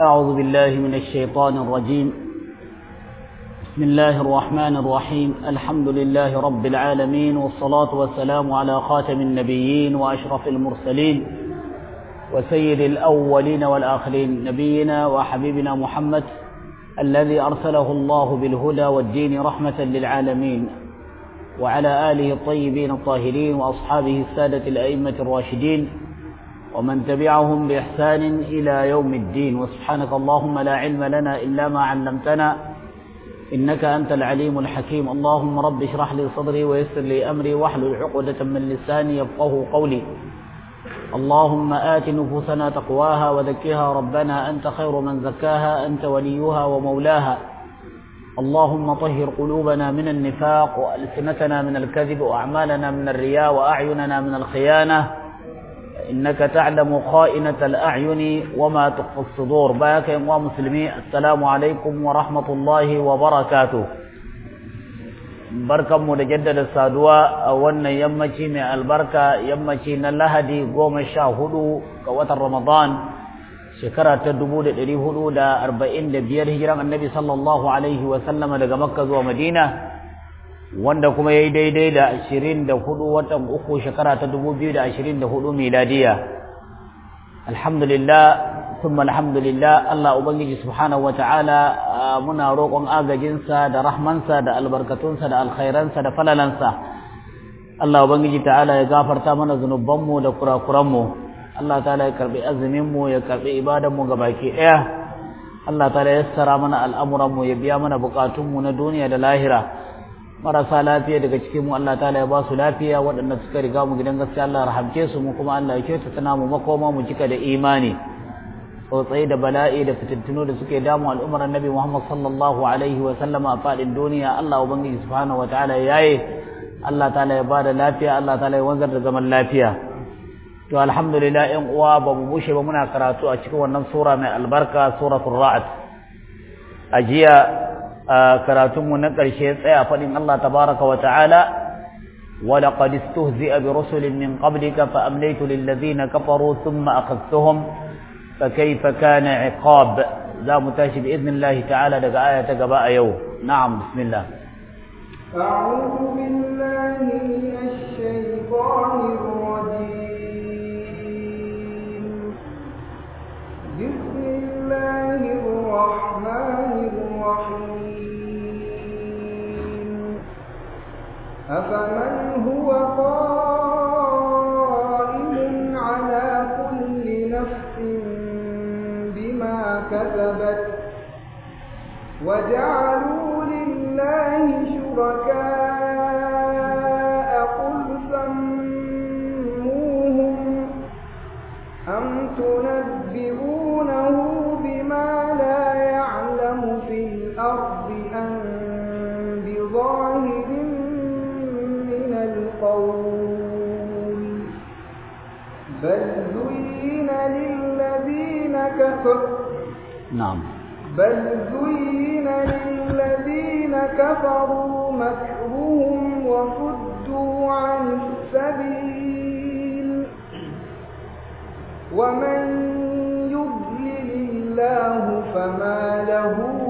أعوذ بالله من الشيطان الرجيم بسم الله الرحمن الرحيم الحمد لله رب العالمين والصلاة والسلام على خاتم النبيين وأشرف المرسلين وسيد الأولين والآخرين نبينا وحبيبنا محمد الذي أرسله الله بالهدى والدين رحمة للعالمين وعلى آله الطيبين الطاهرين وأصحابه السادة الأئمة الراشدين ومن تبعهم بإحسان إلى يوم الدين وسبحانك اللهم لا علم لنا إلا ما علمتنا إنك أنت العليم الحكيم اللهم رب اشرح لي صدري ويسر لي أمري واحلل عقدة من لساني يفقه قولي اللهم آت نفوسنا تقواها وزكها ربنا أنت خير من زكاها أنت وليها ومولاها اللهم طهر قلوبنا من النفاق وألسنتنا من الكذب وأعمالنا من الرياء وأعيننا من الخيانة innaka ta'lamu kha'inatal a'yuni wama tukhfi as-sudur bayaka yan wa muslimi assalamu alaikum wa rahmatullahi wa barakatuh barkanmu da jaddada saduwa a wannan yammaci mai albarka yammaci na lahadi goma sha hudu ga watan ramadan shekara ta dubu da ɗari hudu da arba'in da biyar hijiran annabi sallallahu alaihi wa sallama daga makka zuwa madina wanda kuma yayi daidai da 24 watan uku shekara ta 2024 miladiya alhamdulillah thumma alhamdulillah Allah ubangiji subhanahu ta'ala muna roƙon agajinsa da rahmansa da albarkatunsa da alkhairansa da falalansa Allah ubangiji ta'ala ya gafarta mana mu da kurakuranmu Allah ta'ala ya karbi azuminmu mu ya karbi ibadan mu baki daya Allah ta'ala ya yassara mana al'amuran mu ya biya mana bukatun mu na duniya da lahira marasa lafiya daga cikin mu Allah ta'ala ya ba su lafiya waɗanda suka riga mu gidan gaskiya Allah rahamce su mu kuma Allah ya kyauta tana mu makoma mu cika da imani tsautsayi da bala'i da fitintuno da suke damu al'ummar annabi Muhammad sallallahu alaihi wa sallama a fadin duniya Allah ubangiji subhanahu wa ta'ala yaye Allah ta'ala ya bada lafiya Allah ta'ala ya wanzar da zaman lafiya to alhamdulillah ƴan uwa ba mu bushe ba muna karatu a cikin wannan sura mai albarka suratul ra'd ajiya karatunmu na ƙarshe tsaya faɗin Allah tabaraka wa ta'ala ولقد استهزئ برسل من قبلك فأمليت للذين كفروا ثم أخذتهم فكيف كان عقاب ذا متاشي بإذن الله تعالى لك آية قباء يوم نعم بسم الله أعوذ بالله من الشيطان الرجيم بسم الله الرحمن الرحيم أفمن هو قائم على كل نفس بما كسبت وجعلوا لله شركاء زين للذين كفروا نعم بل زين للذين كفروا مكرهم وصدوا عن السبيل ومن يضلل الله فما له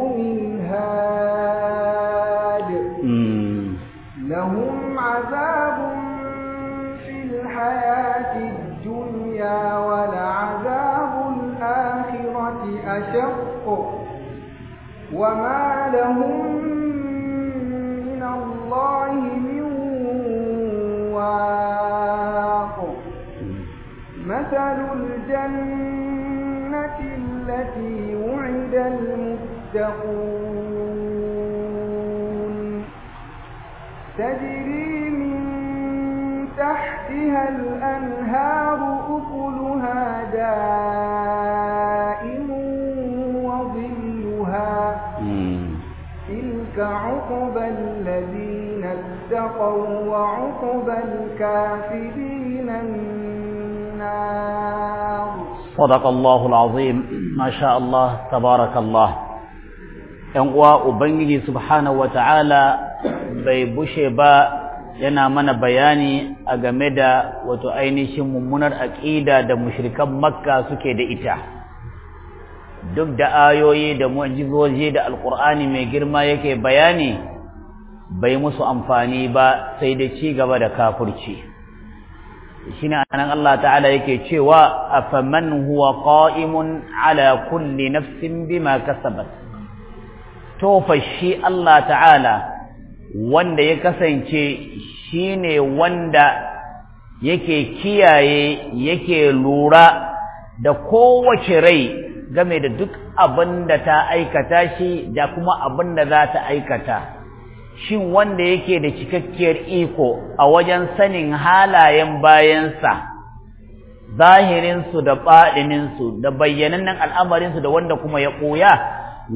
أشق وما لهم من الله من واق مثل الجنة التي وعد المتقون تجري من تحتها الأنهار أكلها دار عقب الذين اتقوا وعقب الكافرين النار صدق الله العظيم ما شاء الله تبارك ‘yan uwa Ubangiji subhanahu wa ta'ala bai bushe ba yana mana bayani a game da wato ainihin mummunar aƙida da mushirikan makka suke da ita. duk da ayoyi da mu'jizoji da alqur'ani mai girma yake bayani bai musu amfani ba sai da ci gaba da kafirci ne anan Allah ta'ala yake cewa afaman huwa qa'imun ala kulli nafsin bima kasabat to fa shi Allah ta'ala wanda ya kasance shine wanda yake kiyaye yake lura da kowace rai game da duk abin da ta aikata shi da kuma abin da za ta aikata shin wanda yake da cikakkiyar iko a wajen sanin halayen bayansa zahirinsu da baɗininsu da bayyanannen al'amarinsu da wanda kuma ya ɓoya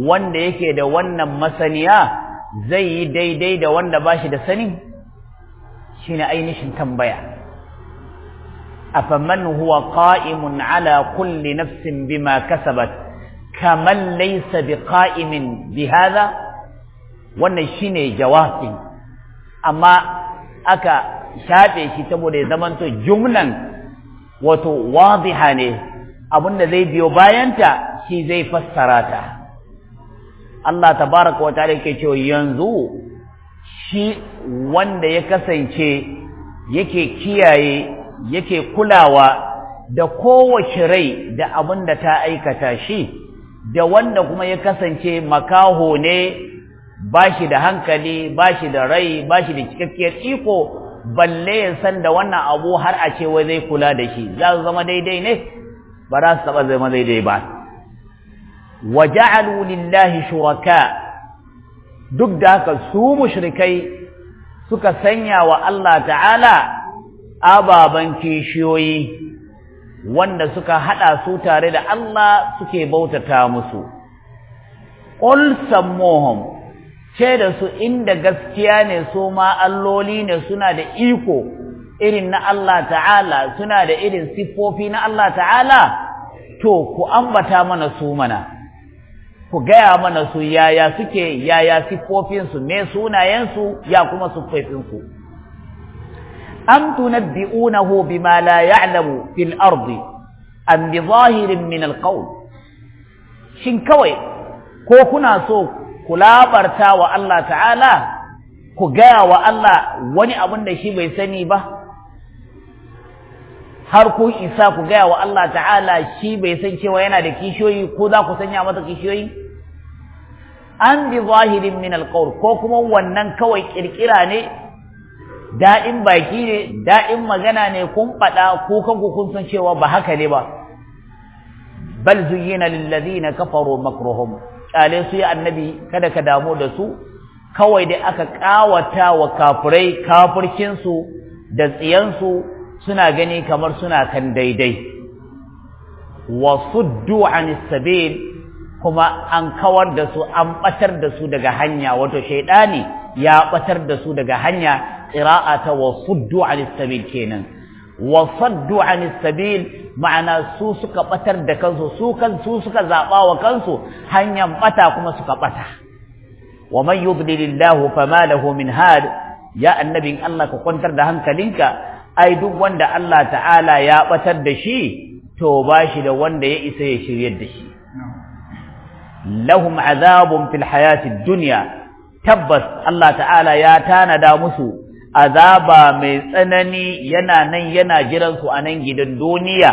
wanda yake da wannan masaniya zai yi daidai da wanda ba shi da sani shi ne ainihin tambaya أفمن هو قائم على كل نفس بما كسبت كمن ليس بقائم بهذا ونشين جواب أما أكا شابي كتبه لزمن جملا وتو واضحا أبن ذي بيو باينتا شي زي فسراتا الله تبارك وتعالى كيشو ينزو شي وند يكسن شي يكي كيائي yake kulawa da kowace rai da abin da ta aikata shi da wanda kuma ya kasance makaho ne ba shi da hankali ba shi da rai ba shi da cikakkiyar iko balle ya san da wannan abu har a ce wai zai kula da shi za su zama daidai ne ba za su taɓa zama daidai ba wa ja'alu lillahi shuwaka, duk da haka su mushrikai suka sanya wa Allah ta'ala ababan kishiyoyi wanda suka haɗa su tare da Allah suke bautata musu qul sammuhum ce da su inda gaskiya ne su ma alloli ne suna da iko irin na Allah ta'ala suna da irin siffofi na Allah ta'ala to ku ambata mana su mana ku gaya mana su yaya suke yaya siffofinsu me sunayensu ya kuma siffofinsu أم تنبئونه بما لا يعلم في الأرض أم بظاهر من القول shin kawai ko kuna so ku labarta wa Allah ta'ala ku gaya wa Allah wani abin da shi bai sani ba har ku isa ku gaya wa Allah ta'ala shi bai san cewa yana da kishiyoyi ko za ku sanya masa kishiyoyi an bi zahirin min alqawl ko kuma wannan kawai kirkira ne daɗin baki ne daɗin magana ne kun faɗa ko kanku kun san cewa ba haka ne ba bal zuyyina lil ladina kafaru makruhum kale su ya annabi kada ka damu da su kawai dai aka kawata wa kafirai kafircin su da tsiyansu suna gani kamar suna kan daidai wa suddu anis sabil kuma an kawar da su an batar da su daga hanya wato shaidani ya batar da su daga hanya قراءة وصدوا عن السبيل كينا وصدوا عن السبيل معنا سوسك بطر دكانسو سوكا سوسك زعبا وكنسو هن كما سوك بطر ومن يضلل الله فما له من هاد يا النبي الله كنتر دهنك لنك أي دوان دا الله تعالى يا بطر دشي توباش دوان دا يئس يشير يدشي لهم عذاب في الحياة الدنيا تبس الله تعالى يا تانا دامسو azaba mai tsanani yana nan yana jiran su a nan gidan duniya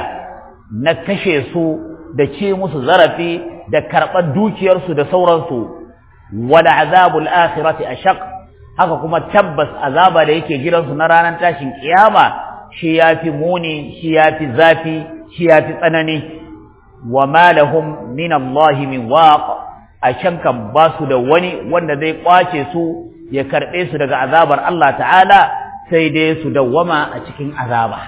na kashe su da ce musu zarafi da karɓar dukiyarsu da sauransu wal azabul akhirati ashaq haka kuma tabbas azaba da yake jiran su na ranar tashin kiyama shi yafi muni shi yafi zafi shi yafi tsanani wa ma lahum min Allah min waq a can kan ba su da wani wanda zai kwace su ya karɓe su daga azabar Allah ta'ala sai dai su dawwama a cikin azaba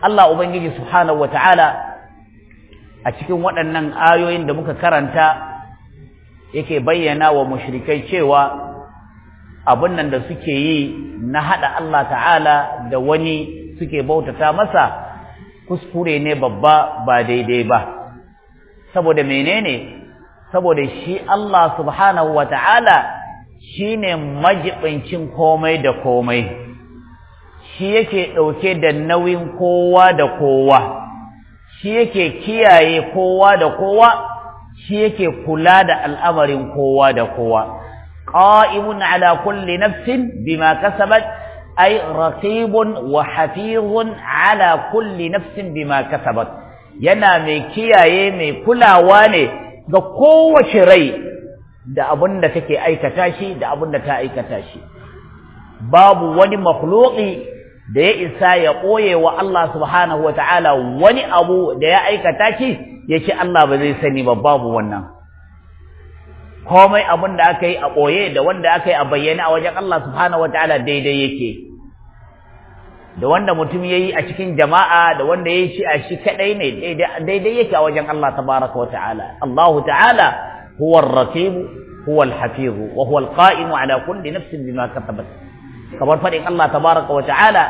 Allah Ubangiji subhanahu wa ta'ala a cikin waɗannan ayoyin da muka karanta yake bayyana wa mushrikai cewa abin nan da suke yi na haɗa Allah ta'ala da wani suke bautata masa kuskure ne babba ba daidai ba saboda menene saboda shi Allah subhanahu wa ta'ala Shi ne majibincin komai da komai shi yake ɗauke da nauyin kowa da kowa shi yake kiyaye kowa da kowa shi yake kula da al'amarin kowa da kowa ƙa'imun ala kulli nafsin bima kasabat ay raqibun wa hafizun ala kulli nafsin bima kasabat yana mai kiyaye mai kulawa ne ga kowace rai da abin da take aikata shi da abin da ta aikata shi babu wani makhluqi da ya isa ya koye wa Allah subhanahu wa ta'ala wani abu da ya aikata shi yake Allah ba zai sani ba babu wannan komai abin da aka yi a koye da wanda aka yi a bayyana a wajen Allah subhanahu wa ta'ala daidai yake da wanda mutum yayi a cikin jama'a da wanda yayi shi a shi kadai ne daidai yake a wajen Allah tabaraka ta'ala allahu ta'ala هو الرقيب هو الحفيظ وهو القائم على كل نفس بما كتبت كبر فريق الله تبارك وتعالى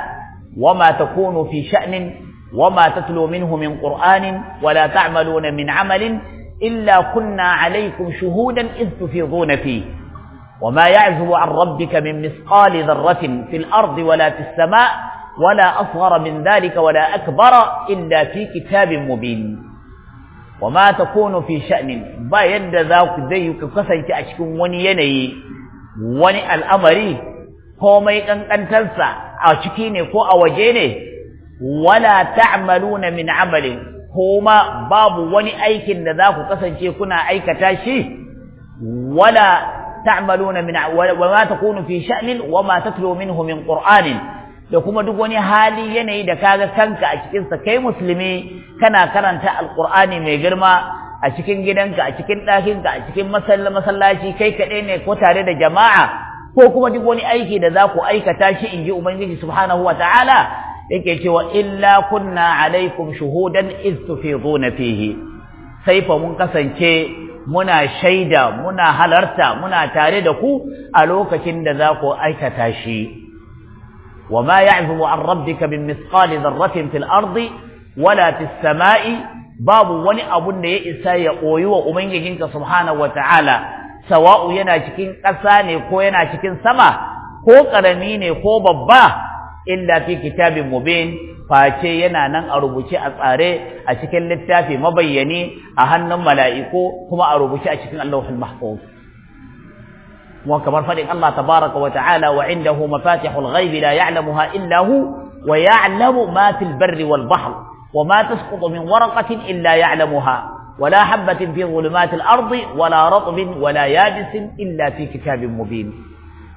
وما تكون في شأن وما تتلو منه من قرآن ولا تعملون من عمل إلا كنا عليكم شهودا إذ تفيضون فيه وما يعزب عن ربك من مثقال ذرة في الأرض ولا في السماء ولا أصغر من ذلك ولا أكبر إلا في كتاب مبين wa ma takunu fi sha'nin ba yadda za ku zai ku kasance a cikin wani yanayi wani al'amari komai kankantarsa a ciki ne ko a waje ne wala ta'maluna min amalin kuma babu wani aikin da za ku kasance kuna aikata shi wala ta'maluna min wa ma takunu fi sha'nin wa ma tatlu minhu min qur'anin da kuma duk wani hali yanayi da kaga kanka a cikinsa kai musulmi kana karanta alkur'ani mai girma a cikin gidanka a cikin ɗakinka a cikin masallaci kai kaɗai ne ko tare da jama'a ko kuma duk wani aiki da za ku aikata shi in ji ubangiji subhanahu wa ta'ala yake cewa illa kunna alaikum shuhudan iz tufiduna fihi sai fa mun kasance muna shaida muna halarta muna tare da ku a lokacin da za ku aikata shi وما يعزم عن ربك من مثقال ذرة في الأرض ولا في السماء باب وني أبن يئسا يقوي وأمنجك سبحانه وتعالى سواء ينا شكين قساني كو ينا شكين سما كو قرميني كو ببا إلا في كتاب مبين face yana nan a rubuce a tsare a cikin littafi mabayyani a hannun mala'iku kuma a rubuce a cikin Allahul Mahfuz وكبر فلن الله تبارك وتعالى وعنده مفاتح الغيب لا يعلمها إلا هو ويعلم ما في البر والبحر وما تسقط من ورقة إلا يعلمها ولا حبة في ظلمات الأرض ولا رطب ولا يابس إلا في كتاب مبين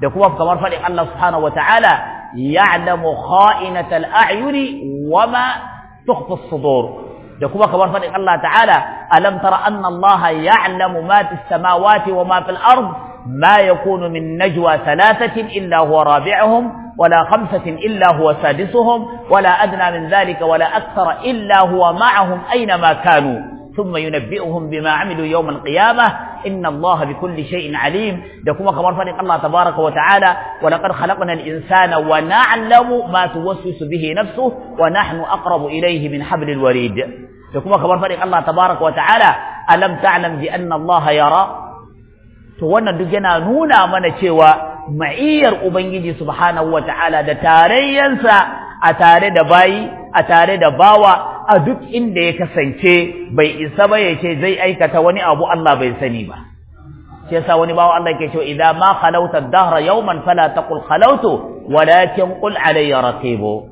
دكوا كبر فلن الله سبحانه وتعالى يعلم خائنة الأعين وما تخفي الصدور da كبر فلن الله تعالى ألم تر أن الله يعلم ما في السماوات وما في الأرض ما يكون من نجوى ثلاثة إلا هو رابعهم ولا خمسة إلا هو سادسهم ولا أدنى من ذلك ولا أكثر إلا هو معهم أينما كانوا ثم ينبئهم بما عملوا يوم القيامة إن الله بكل شيء عليم لكم كمار فريق الله تبارك وتعالى ولقد خلقنا الإنسان ونعلم ما توسوس به نفسه ونحن أقرب إليه من حبل الوريد لكم كمار فريق الله تبارك وتعالى ألم تعلم بأن الله يرى to wannan duk yana nuna mana cewa ma'iyyar ubangiji subhanahu wata'ala da tarayyansa a tare da bayi a tare da bawa a duk inda ya kasance bai isa ba ya ce zai aikata wani abu Allah bai sani ba shi yasa wani bawa Allah yake cewa idza ma khalawta ad-dahra yawman fala taqul khalawtu walakin qul alayya raqibu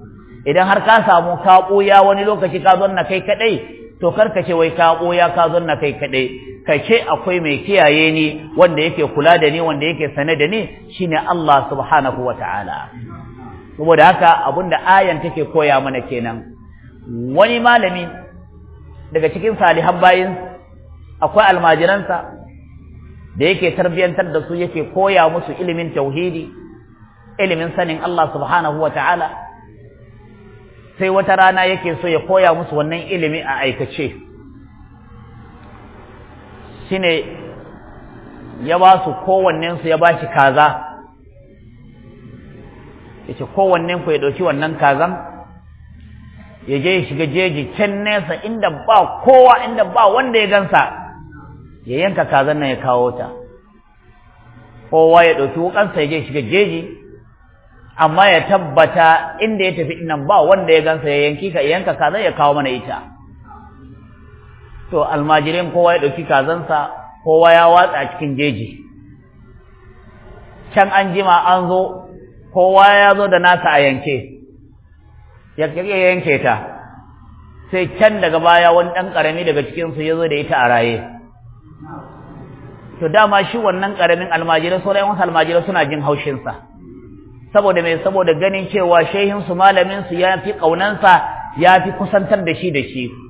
idan har ka samu ka ya wani lokaci ka na kai kadai to karka ce wai ka ya ka na kai kadai kace akwai mai kiyaye ni wanda yake kula da ni wanda yake sane da ni shine Allah subhanahu wataala saboda haka abinda ayan take koya mana kenan wani malami daga cikin salihan bayin akwai almajiransa da yake tarbiyantar da su yake koya musu ilimin tauhidi ilimin sanin Allah subhanahu wataala sai wata rana yake so ya koya musu wannan ilimi a aikace shine ya ba su kowannen su ya ba shi kaza yace kowanne ku ya ɗauki wannan kazan ya je ya shiga jeji can nesa inda ba kowa inda ba wanda ya gansa ya yanka kazan nan ya kawo ta kowa ya ɗauki wukansa ya je shiga jeji amma ya tabbata inda ya tafi nan ba wanda ya gansa ya yanki ka yanka kazan ya kawo mana ita to almajirin kowa ya ɗauki kazansa kowa ya watsa cikin jeji can an jima an zo kowa ya zo da nasa a yanke ya yanke ta sai can daga baya wani ɗan ƙarami daga cikinsu ya zo da ita a raye to dama shi wannan ƙaramin almajirai sauran wasu almajirai suna jin haushinsa saboda mai saboda ganin cewa shehinsu malaminsu ya fi ƙaunansa ya fi kusantar da shi da shi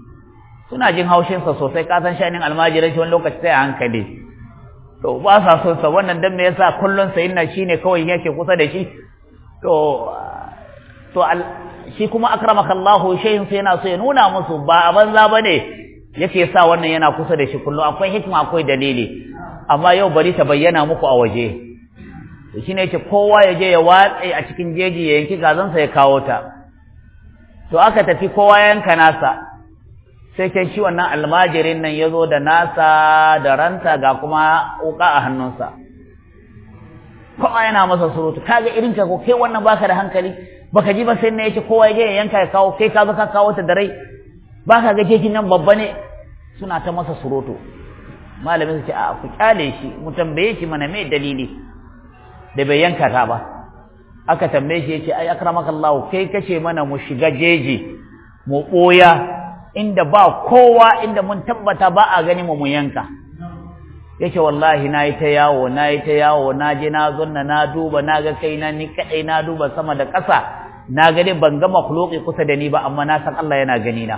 suna jin haushinsa sosai kasan san shanin almajiran shi wani lokaci sai a hankali to ba sa son sa wannan dan me yasa kullun sayyidina shine kawai yake kusa da shi to to shi kuma akramaka Allah shayin sai yana so ya nuna musu ba a banza bane yake sa wannan yana kusa da shi kullun akwai hikima akwai dalili amma yau bari ta bayyana muku a waje to shine yake kowa ya je ya watsa a cikin jeji ya yanki gazansa ya kawo ta to aka tafi kowa yanka nasa sai kai shi wannan almajirin nan ya zo da nasa da ranta ga kuma wuka a hannunsa kowa yana masa surutu kaga irin ka ko kai wannan baka da hankali baka ji ba sai na yace kowa ya je ya yanka ya kawo kai ka zo ka kawo ta da rai baka ga jikin nan babba ne suna ta masa surutu malamin su ce a ku kyale shi mu tambaye shi mana me dalili da bai yanka ta ba aka tambaye shi yace ai akramakallahu kai kace mana mu shiga jeji mu boya inda ba kowa inda mun tabbata ba a gani mu yanka yake wallahi na yi ta yawo yi ta yawo je na zonna na duba na kai kaina ni kadai na duba sama da ƙasa na gani ban ga makhluqi kusa da ni ba amma na san Allah yana gani na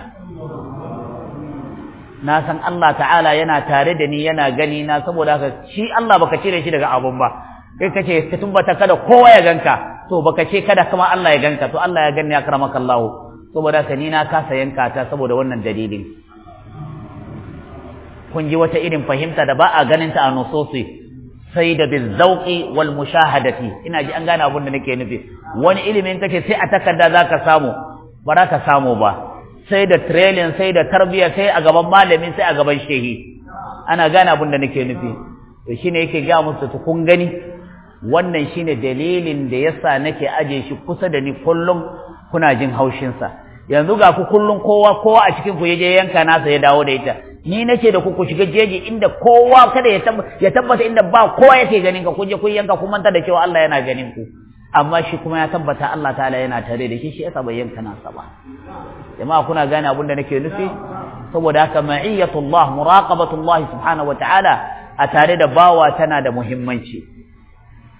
na san Allah ta'ala yana tare da ni yana gani na saboda haka shi Allah baka cire shi daga abun ba kai kace ka tumbata kada kowa ya ganka to baka ce kada kuma Allah ya ganka to Allah ya ganni akramaka Allah saboda ka ni na kasa yanka ta saboda wannan dalilin kun ji wata irin fahimta da ba a ganin ta a nososi sai da zauqi wal mushahadati ina ji an gane abin da nake nufi wani ilimin kake sai a takarda zaka samu ba za ka samu ba sai da training sai da tarbiyya sai a gaban malami sai a gaban shehi ana gane abin da nake nufi to shine yake ga musu to kun gani wannan shine dalilin da yasa nake aje shi kusa da ni kullum kuna jin haushinsa yanzu ga ku kullum kowa kowa a cikin ku yaje yanka nasa ya dawo da ita ni nake da ku ku shiga jeji inda kowa kada ya tabbata ya tabbata inda ba kowa yake ganin ka kun je kun yanka ku manta da cewa Allah yana ganin ku amma shi kuma ya tabbata Allah ta'ala yana tare da shi shi yasa bai yanka nasa ba jama'a kuna gane abin da nake nufi saboda haka ma'iyatullah muraqabatullah subhanahu wa ta'ala a tare da bawa tana da muhimmanci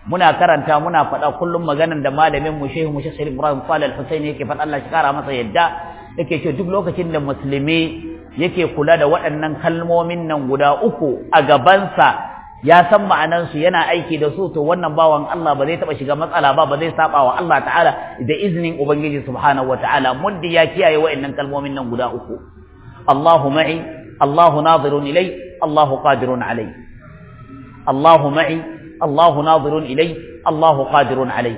muna karanta muna faɗa kullum maganan da malamin mu shehu mu shehu Ibrahim Fala al-Husayn yake faɗa Allah shi kara masa yadda yake ce duk lokacin da musulmi yake kula da waɗannan kalmomin nan guda uku a gabansa ya san ma'anan su yana aiki da su to wannan bawan Allah ba zai taɓa shiga matsala ba ba zai saba wa Allah ta'ala da iznin ubangiji subhanahu ta'ala, mundi ya kiyaye waɗannan kalmomin nan guda uku Allahu ma'i Allahu nazirun ilai Allahu qadirun alai Allahu ma'i Allahu nazirun ilai Allahu qadirun alai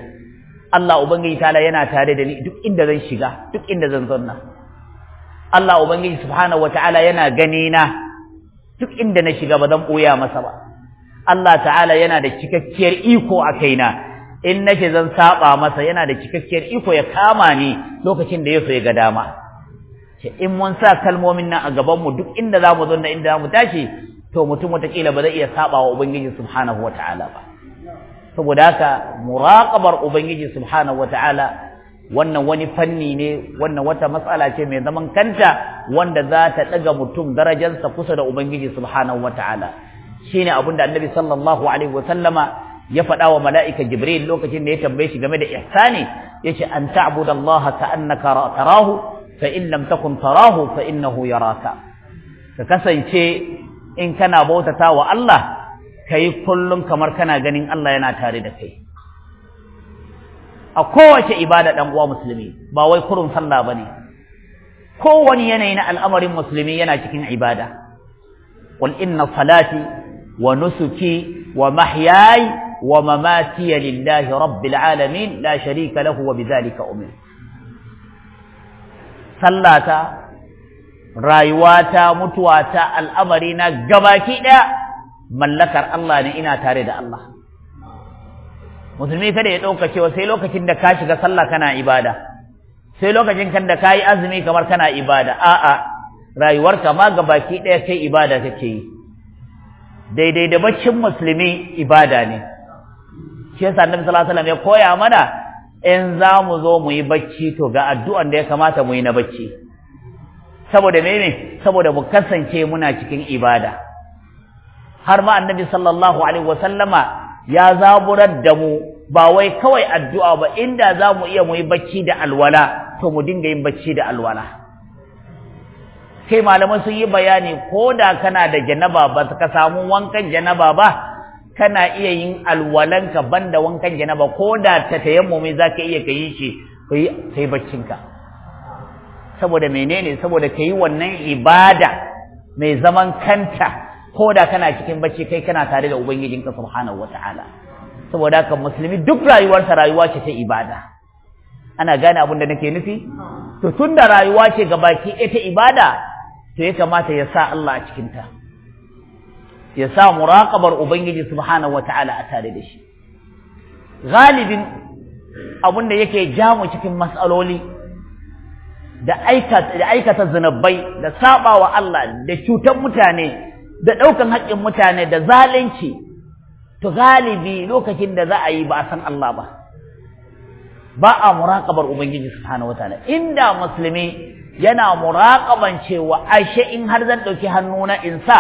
Allah ubangiji ta'ala yana tare da ni duk inda zan shiga duk inda zan zanna Allah ubangiji subhanahu wata'ala yana gani na duk inda na shiga ba zan boya masa ba Allah ta'ala yana da cikakkiyar iko a kaina in nake zan saba masa yana da cikakkiyar iko ya kama ni lokacin da ya so ya ga dama in mun sa kalmomin nan a gaban mu duk inda zamu zanna inda tashi to mutum watakila ba zai iya saba wa ubangiji subhanahu wataala ba saboda haka muraƙabar ubangiji subhanahu wataala wannan wani fanni ne wannan wata matsala ce mai zaman kanta wanda za ta ɗaga mutum darajarsa kusa da ubangiji subhanahu wataala ne abin da annabi sallallahu alaihi wasallama ya faɗa wa mala'ika Jibril lokacin da ya tambaye shi game da ihsani ya ce, An ta'abudallaha ka annaka tarahu, fa in lam takun tarahu fa innahu yaraka. Ka kasance in kana bautata wa Allah kai kullum kamar kana ganin Allah yana tare da kai a kowace ibada dan uwa musulmi ba wai kurun sallah bane kowani yanayi na al'amarin musulmi yana cikin ibada qul inna salati wa nusuki wa mahyayi wa mamati lillahi rabbil alamin la sharika lahu wa bidhalika umir sallata rayuwata mutuwata al'amari na gabaki ɗaya mallakar Allah ne ina tare da Allah musulmi kada ya ɗauka cewa sai lokacin da ka shiga sallah kana ibada sai lokacin kan da ka yi azumi kamar kana ibada a'a rayuwarka ma gabaki ɗaya kai ibada kake yi daidai da baccin musulmi ibada ne shi yasa annabi sallallahu alaihi wasallam ya koya mana in za mu zo mu yi bacci to ga addu'an da ya kamata mu yi na bacci saboda mene saboda mu kasance muna cikin ibada har ma annabi sallallahu alaihi wasallama ya zaburar da mu ba wai kawai addu'a ba inda za mu iya mu yi bacci da alwala to mu dinga yin bacci da alwala kai malaman sun yi bayani ko da kana da janaba ba ka samu wankan janaba ba kana iya yin alwalanka banda wankan janaba ko da ta tayammumi zaka iya ka yi shi kai yi baccinka saboda menene saboda ka yi wannan ibada mai zaman kanta ko da kana cikin bacci kai kana tare da ubangijinka subhanahu wataala saboda haka musulmi duk rayuwarsa rayuwa ce ta ibada ana gane abin da nake nufi to tun da rayuwa ce ga baki ita ibada to ya kamata ya sa Allah a cikin ya sa muraqabar ubangiji subhanahu wataala a tare da shi galibin abin da yake jamu cikin matsaloli da aikata zunubai da saba wa Allah da cutar mutane da ɗaukan haƙƙin mutane da zalunci to galibi lokacin da za a yi ba a san Allah ba ba a muraƙabar ubangiji subhanahu wataala inda musulmi yana muraƙaban cewa ashe in har zan ɗauki hannuna in sa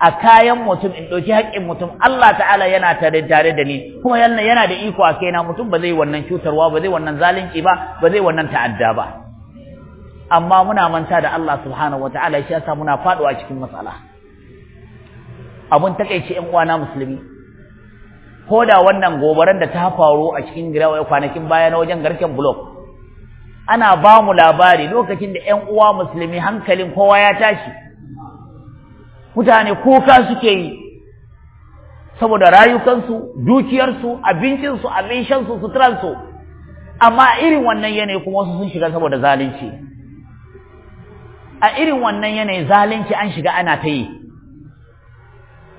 a kayan mutum in ɗauki haƙƙin mutum Allah ta'ala yana tare tare da ni kuma yana da iko a kaina mutum ba zai wannan cutarwa ba zai wannan zalunci ba ba zai wannan ta'adda ba amma muna manta da Allah subhanahu wataala shi yasa muna faduwa cikin matsala abun takeice ƴan uwana musulmi ko da wannan gobaran da ta faru a cikin girawa kwanakin baya na wajen garken block ana ba mu labari lokacin da ƴan uwa musulmi hankalin kowa ya tashi mutane kuka suke yi saboda rayukansu dukiyarsu abincinsu abin shansu suturansu amma irin wannan yanayi kuma wasu sun shiga saboda zalunci a irin wannan yanayin zalunci an shiga ana ta yi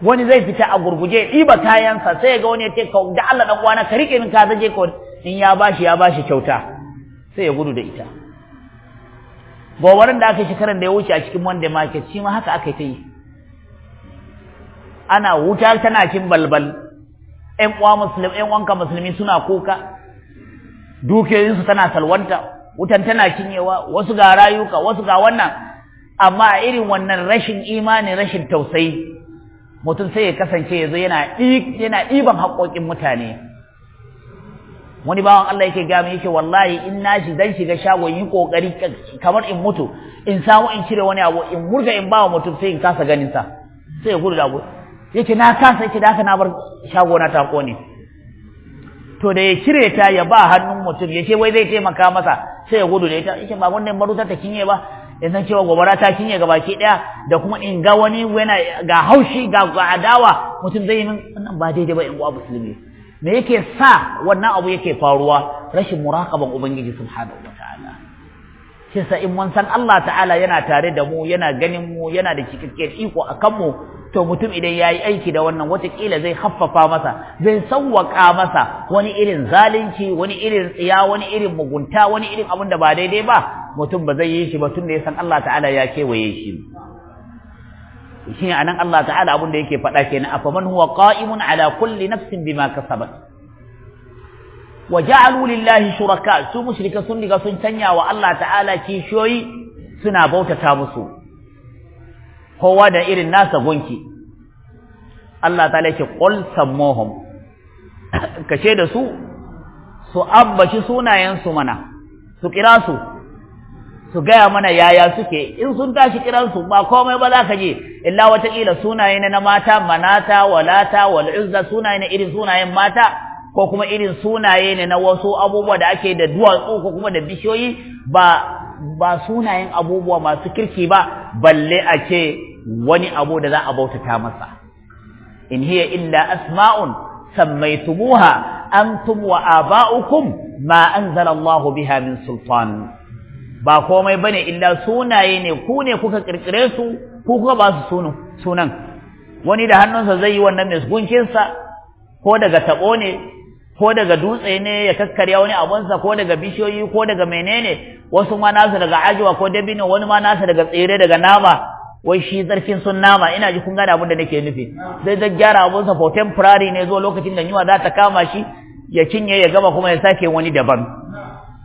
wani zai fita a gurguje ɗiba kayansa sai ya ga wani ya ce ka da Allah dan uwana ka rike min ka zaje ko in ya bashi ya bashi kyauta sai ya gudu da ita gobarin da aka shekaran da ya wuce a cikin Monday market shi ma haka aka yi ana wuta tana cin balbal ƴan uwa musulmi ƴan wanka musulmi suna kuka dukiyoyinsu tana salwanta wutan tana cinyewa wasu ga rayuka wasu ga wannan amma a irin wannan rashin imani rashin tausayi mutum sai ya kasance yazo yana yana ɗiban haƙoƙin mutane wani bawan Allah yake ga mu yake wallahi in na shi zan shiga shagon yi kokari kamar in mutu in samu in cire wani abu in murga in bawa mutum sai in kasa ganin sa sai ya gudu da abu yake na kasa yake da haka na bar shagona ta kone to da ya cire ta ya ba hannun mutum ya ce wai zai taimaka masa sai ya gudu da ita yake ba wannan maruta ta kinye ba ya san cewa gobara ta kinye baki daya da kuma in ga wani yana ga haushi ga adawa mutum zai yi min wannan ba daidai ba in uwa musulmi me yake sa wannan abu yake faruwa rashin muraqaban ubangiji subhanahu wataala shi sa in mun san Allah ta'ala yana tare da mu yana ganin mu yana da cikakken iko akan mu to mutum idan ya yi aiki da wannan watakila zai haffafa masa zai sawwaka masa wani irin zalunci wani irin tsiya wani irin mugunta wani irin abin da ba daidai ba mutum ba zai yi shi ba tun da ya san Allah ta'ala ya kewaye shi shine anan Allah ta'ala abin da yake faɗa kenan afaman huwa qa'imun ala kulli nafsin bima kasabat wa ja'alu lillahi shuraka su mushrika sun riga sun canya wa Allah ta'ala kishoyi suna bautata musu kowa da irin nasa gunki Allah ta lake qul sammuhum kashe da su su ambaci sunayensu mana su kira su su gaya mana yaya suke in sun tashi kiran ba komai ba za ka je illa wata kila sunaye na mata manata walata wal sunaye na irin sunayen mata ko kuma irin sunaye ne na wasu abubuwa da ake da duwatsu ko kuma da bishiyoyi ba ba sunayen abubuwa masu kirki ba balle a ce wani abu da za a bautata masa in hiya illa asma'un sammaytumuha antum wa aba'ukum ma anzala Allah biha min sultan ba komai bane illa sunaye ne ku ne kuka kirkire su ku kuka ba su sunan wani da hannunsa zai yi wannan sa ko daga tabo ne ko daga dutse ne ya kakkarya wani abun sa? ko daga bishiyoyi ko daga menene wasu ma nasu daga ajiwa ko dabino wani ma nasu daga tsere daga nama wai shi zarfin sun nama ina ji kun gane abin da nake nufi sai zai gyara abunsa for temporary ne zuwa lokacin da yunwa za ta kama shi ya cinye ya gama kuma ya sake wani daban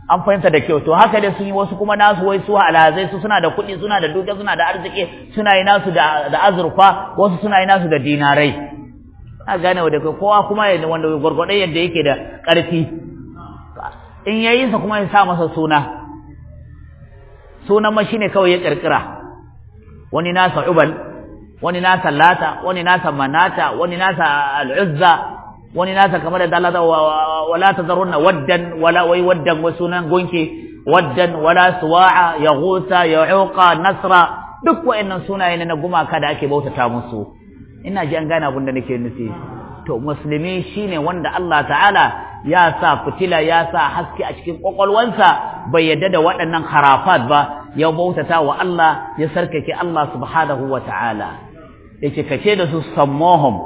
an fahimta da kyau to haka dai sun yi wasu kuma nasu wai su alhazai su suna da kuɗi suna da duka suna da arziki suna yi nasu da, da azurfa wasu suna yi nasu da dinarai a gane wa da kowa kuma ya wanda gwargwadon yadda yake da ƙarfi in yayi sa kuma ya sa masa suna sunan ma shine kawai ya ƙirƙira wani nasa ubal wani nasa lata wani nasa manata wani nasa al'uzza wani nasa kamar da Allah wala tazarunna waddan wala wai waddan wasunan gunki waddan wala suwa'a ya yauqa nasra duk wa'annan sunaye ne na gumaka da ake bautata musu ina ji an gane abin da nake nufi to musulmi shine wanda Allah ta'ala ya sa fitila ya sa haske a cikin kwakwalwansa bai yadda da waɗannan harafat ba ya bautata wa Allah ya sarkake Allah subhanahu wa ta'ala yace kace da su sammohum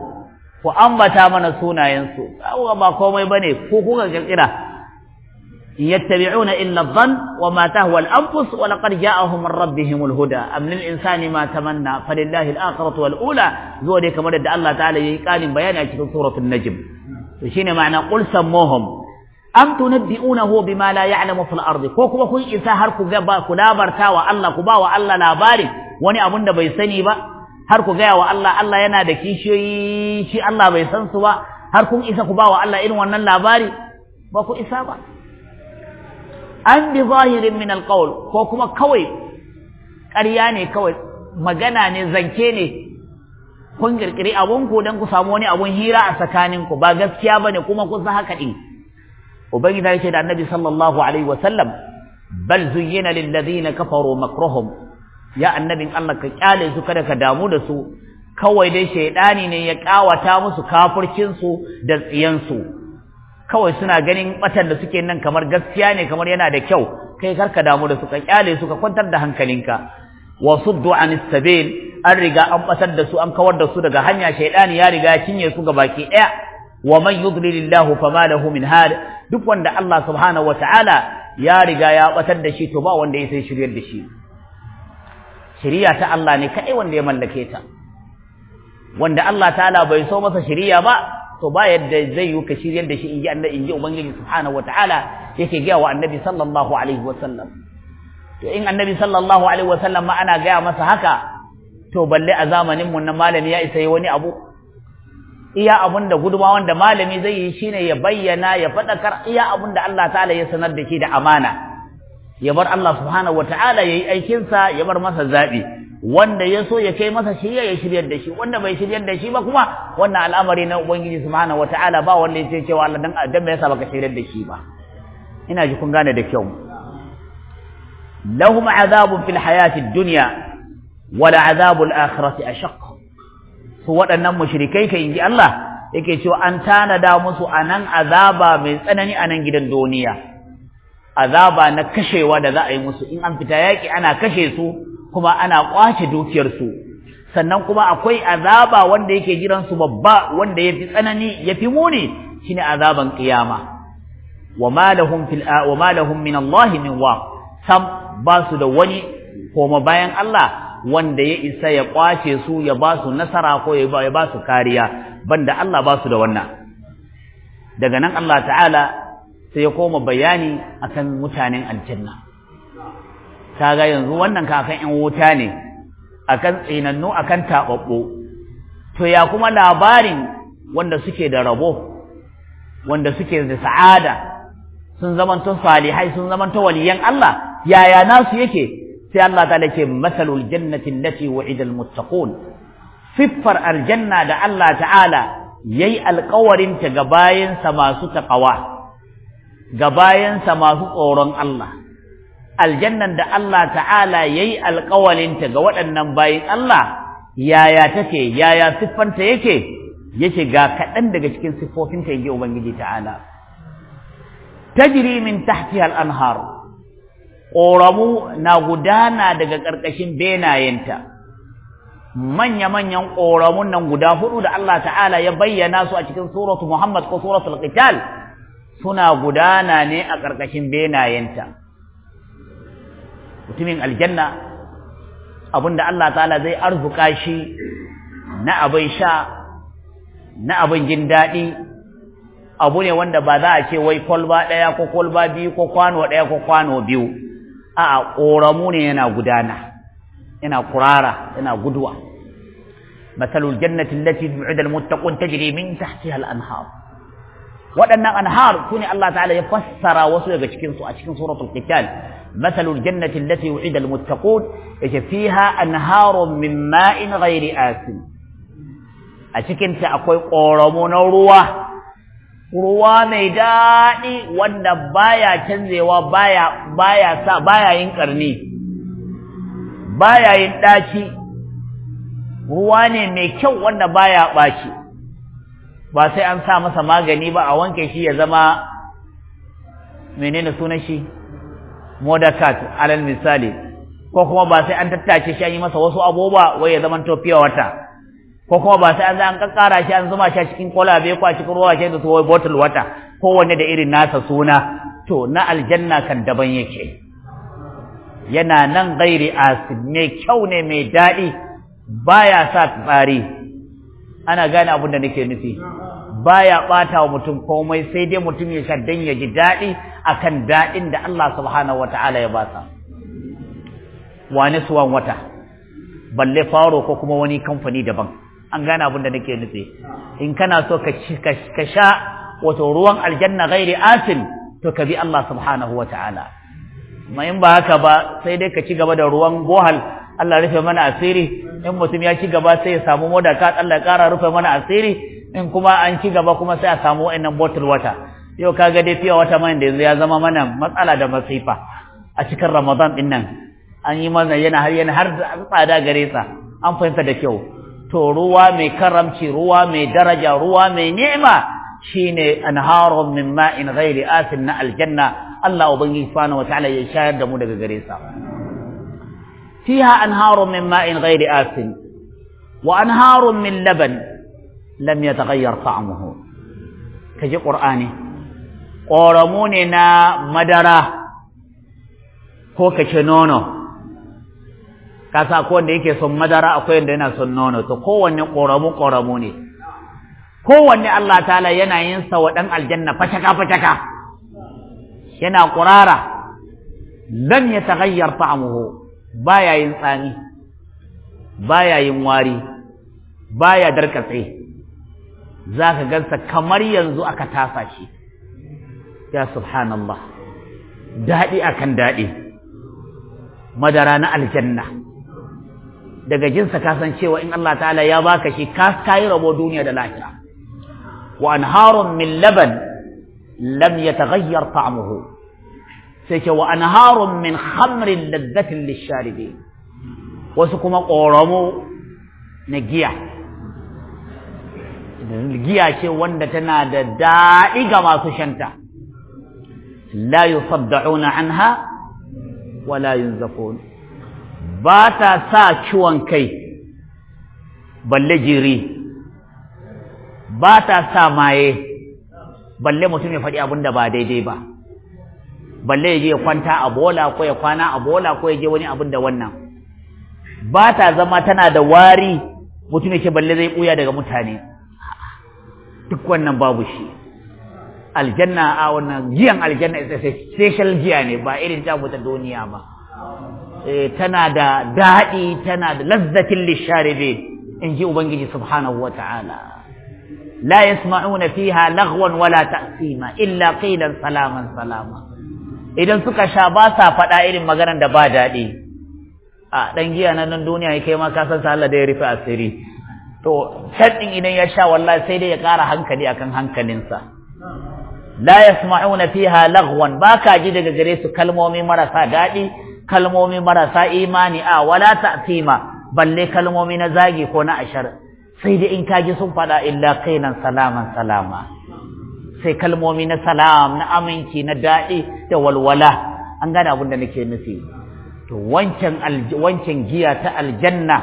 ku ambata mana sunayensu ba komai bane ko kuka kirkira يتبعون إلا الظن وما تهوى الأنفس ولقد جاءهم من ربهم الهدى أم للإنسان ما تمنى فلله الآخرة والأولى زوري كما رد الله تعالى يقال بيانا في سورة النجم شين معنى قل سموهم أم تنبئونه بما لا يعلم في الأرض كوكو وكوي إنسا هركو غبا كلا برتا وألا كبا وألا لا باري وني أبند بيسني با هركو غيا وألا ألا ينا دكيشي شي الله بيسنسوا هركو إسا كبا وألا إن ونن لا باري باكو إسا با an bi zahirin min alqawl ko kuma kawai ƙarya ne kawai magana ne zance ne kun kirkiri abun ku dan ku samu wani abun hira a tsakanin ku ba gaskiya bane kuma ku sa haka din ubangiji ya ce da annabi sallallahu alaihi wa sallam bal zuyyina lil ladina kafaru makruhum ya annabin Allah ka kyale su kada ka damu da su kawai dai shaydani ne ya kawata musu kafircin su da tsiyan su kawai suna ganin batan da suke nan kamar gaskiya ne kamar yana da kyau kai karka damu da su ka kyale su ka kwantar da hankalinka wa suddu anis sabil an riga an batar da su an kawar da su daga hanya shaydani ya riga cinye su ga baki daya wa man yudlilillahu fama lahu min had duk wanda Allah subhanahu wataala ya riga ya batar da shi to ba wanda ya sai shiryar da shi shiriya ta Allah ne kadai wanda ya mallake ta wanda Allah ta'ala bai so masa shiriya ba to ba yadda zai yi ka shiryar da shi in ji annabi inji ji ubangiji subhanahu wataala yake gaya wa annabi sallallahu alaihi wasallam to in annabi sallallahu alaihi wasallam ma ana gaya masa haka to balle a zamanin mu na malami ya isa yi wani abu iya abun da guduma wanda malami zai yi shine ya bayyana ya fadakar iya abun da Allah ta'ala ya sanar da shi da amana ya bar Allah subhanahu wataala yayi aikin sa ya bar masa zabi wanda ya so ya kai masa shi ya shiryar da shi wanda bai shiryar da shi ba kuma wannan al'amari na ubangiji subhanahu wataala ba wanda ya ce cewa Allah dan dan me yasa baka shiryar da shi ba ina ji kun gane da kyau lahum azabun fil hayatid dunya wal azabul akhirati ashaq su wadannan mushrikai kai inji Allah yake cewa an tana da musu anan azaba mai tsanani anan gidan duniya azaba na kashewa da za a yi musu in an fita yaki ana kashe su kuma ana kwace dukiyarsu sannan kuma akwai azaba wanda yake jiransu babba wanda yafi tsanani yafi muni shine azaban kiyama wama lahum fil wama lahum min Allah min wa sam basu da wani koma bayan Allah wanda ya isa ya kwace su ya basu nasara ko ya basu kariya banda Allah basu da wannan daga nan Allah ta'ala sai ya koma bayani akan mutanen aljanna kaga yanzu wannan kakan in wuta ne akan tsinannu akan taɓaɓɓo to ya kuma labarin wanda suke da rabo wanda suke da sa'ada sun zamanto salihai sun zamanto waliyan Allah yaya nasu yake sai Allah ta ce masalul jannati allati wa'ida almuttaqun siffar aljanna da Allah ta'ala yayi alƙawarin ta ga masu taqawa ga bayansa masu tsoron Allah aljannan da Allah ta'ala yayi ta, ga waɗannan bayin Allah yaya take yaya siffanta yake yake ga kaɗan daga cikin siffofinta yake ubangiji ta'ala tajri min tahtiha al-anhar ƙoramu na gudana daga ƙarƙashin benayenta manya-manyan ƙoramun nan guda hudu da Allah ta'ala ya bayyana su a cikin suratu Muhammad ko suratul Qital suna gudana ne a ƙarƙashin benayenta mutumin aljanna abinda Allah ta'ala zai arzuka shi na abin sha na abin jin dadi abu ne wanda ba za a ce wai kwalba daya ko kwalba biyu ko kwano daya ko kwano biyu a'a koramu ne yana gudana yana kurara yana guduwa masalul jannati allati du'ida almuttaqun tajri min tahtiha al-anhar waɗannan anhar kuni Allah ta'ala ya fassara wasu daga cikin su a cikin suratul qital مثل الجنة التي وعد المتقون فيها أنهار من ماء غير آسن أتكنت أقول قرمون روى ruwa Ruwa mai daɗi wanda baya canzewa baya baya sa baya yin ƙarni baya yin ɗaci ruwa ne mai kyau wanda baya ɓaci ba sai an sa masa magani ba a wanke shi ya zama menene sunan shi modakat alal misali ko kuma ba sai an tattace shi an yi masa wasu abubuwa wai ya zaman to fiya wata ko kuma ba sai an za an kakkara shi an zuma shi cikin kwalabe ko a cikin ruwa shi da su wai bottle wata kowanne da irin nasa suna to na aljanna kan daban yake yana nan gairi asid mai kyau ne mai daɗi baya sa tsari ana gane abin da nake nufi baya ɓata wa mutum komai sai dai mutum ya shaddan ya ji daɗi akan daɗin da Allah subhanahu wata'ala ya ba sa wani suwan wata balle faro ko kuma wani kamfani daban an gane abin da nake nufi in kana so ka sha wato ruwan aljanna gairi asin to ka bi Allah subhanahu wata'ala amma in ba haka ba sai dai ka ci gaba da ruwan gohal. Allah rufe mana asiri in mutum ya ci gaba sai ya samu modaka Allah ya kara rufe mana asiri in kuma an ci gaba kuma sai a samu wa'annan bottle water yau kaga dai fiye wata man da yanzu ya zama mana matsala da masifa a cikin ramadan din nan an yi mana yana har yana har tsada gare sa an fahimta da kyau to ruwa mai karamci ruwa mai daraja ruwa mai ni'ima shine anharun min ma'in ghairi asin na aljanna Allah fana wa ta'ala ya shayar da mu daga gare sa fiha anharun min ma'in ghairi asin wa anharun min laban lam yataghayyar ta'amuhu kaje qur'ani ƙoramu ne na madara ko kace nono kasa ko wanda yake son madara akwai wanda yana son nono to kowanne ƙoramu ƙoramu ne kowanne Allah ta'ala yana yin sa wa ɗan aljanna fataka fataka yana ƙurara lam yataghayyar ta'amuhu baya yin tsani baya yin wari baya darkatse zaka gansa kamar yanzu aka tasa shi ya subhanallah daɗi akan daɗi madara na aljanna daga jinsa ka san cewa in Allah ta'ala ya baka shi ka kai rabo duniya da lahira wa anharun min laban lam yataghayyar ta'muhu sai ce wa anharun min khamrin ladhatin lisharibin wasu kuma ƙoramo na giya giya ce wanda tana da daɗi ga masu shanta la yusaddauna anha wala yunzafun ba ta sa ciwon kai balle jiri Bata sa maye balle mutum ya faɗi abin da ba daidai ba balle ya je ya kwanta a bola ko ya kwana a bola ko ya je wani abin da wannan Bata zama tana da wari mutum ce balle zai buya daga mutane duk wannan babu shi aljanna a wannan giyan aljanna ita special giya ne ba irin ta ta duniya ba eh, tana da daɗi tana da lazzatin lisharibe in ji ubangiji subhanahu wata'ala la yasma'una fiha laghwan wala ta'sima illa qilan salaman salama idan suka sha ba sa faɗa irin maganar da ba daɗi a ɗan giya na nan duniya ya kai ma ka san Allah da ya rufe asiri to can idan ya sha wallahi sai dai ya ƙara hankali akan hankalinsa la yasma'una fiha lagwan baka ji daga gare su kalmomi marasa daɗi kalmomi marasa imani a wala tasima? balle kalmomi na zagi ko na ashar sai dai in ka ji sun faɗa illa kainan salaman salama sai kalmomi na salam na aminci na daɗi da walwala an gane abin da nake nufi to wancan wancan giya ta aljanna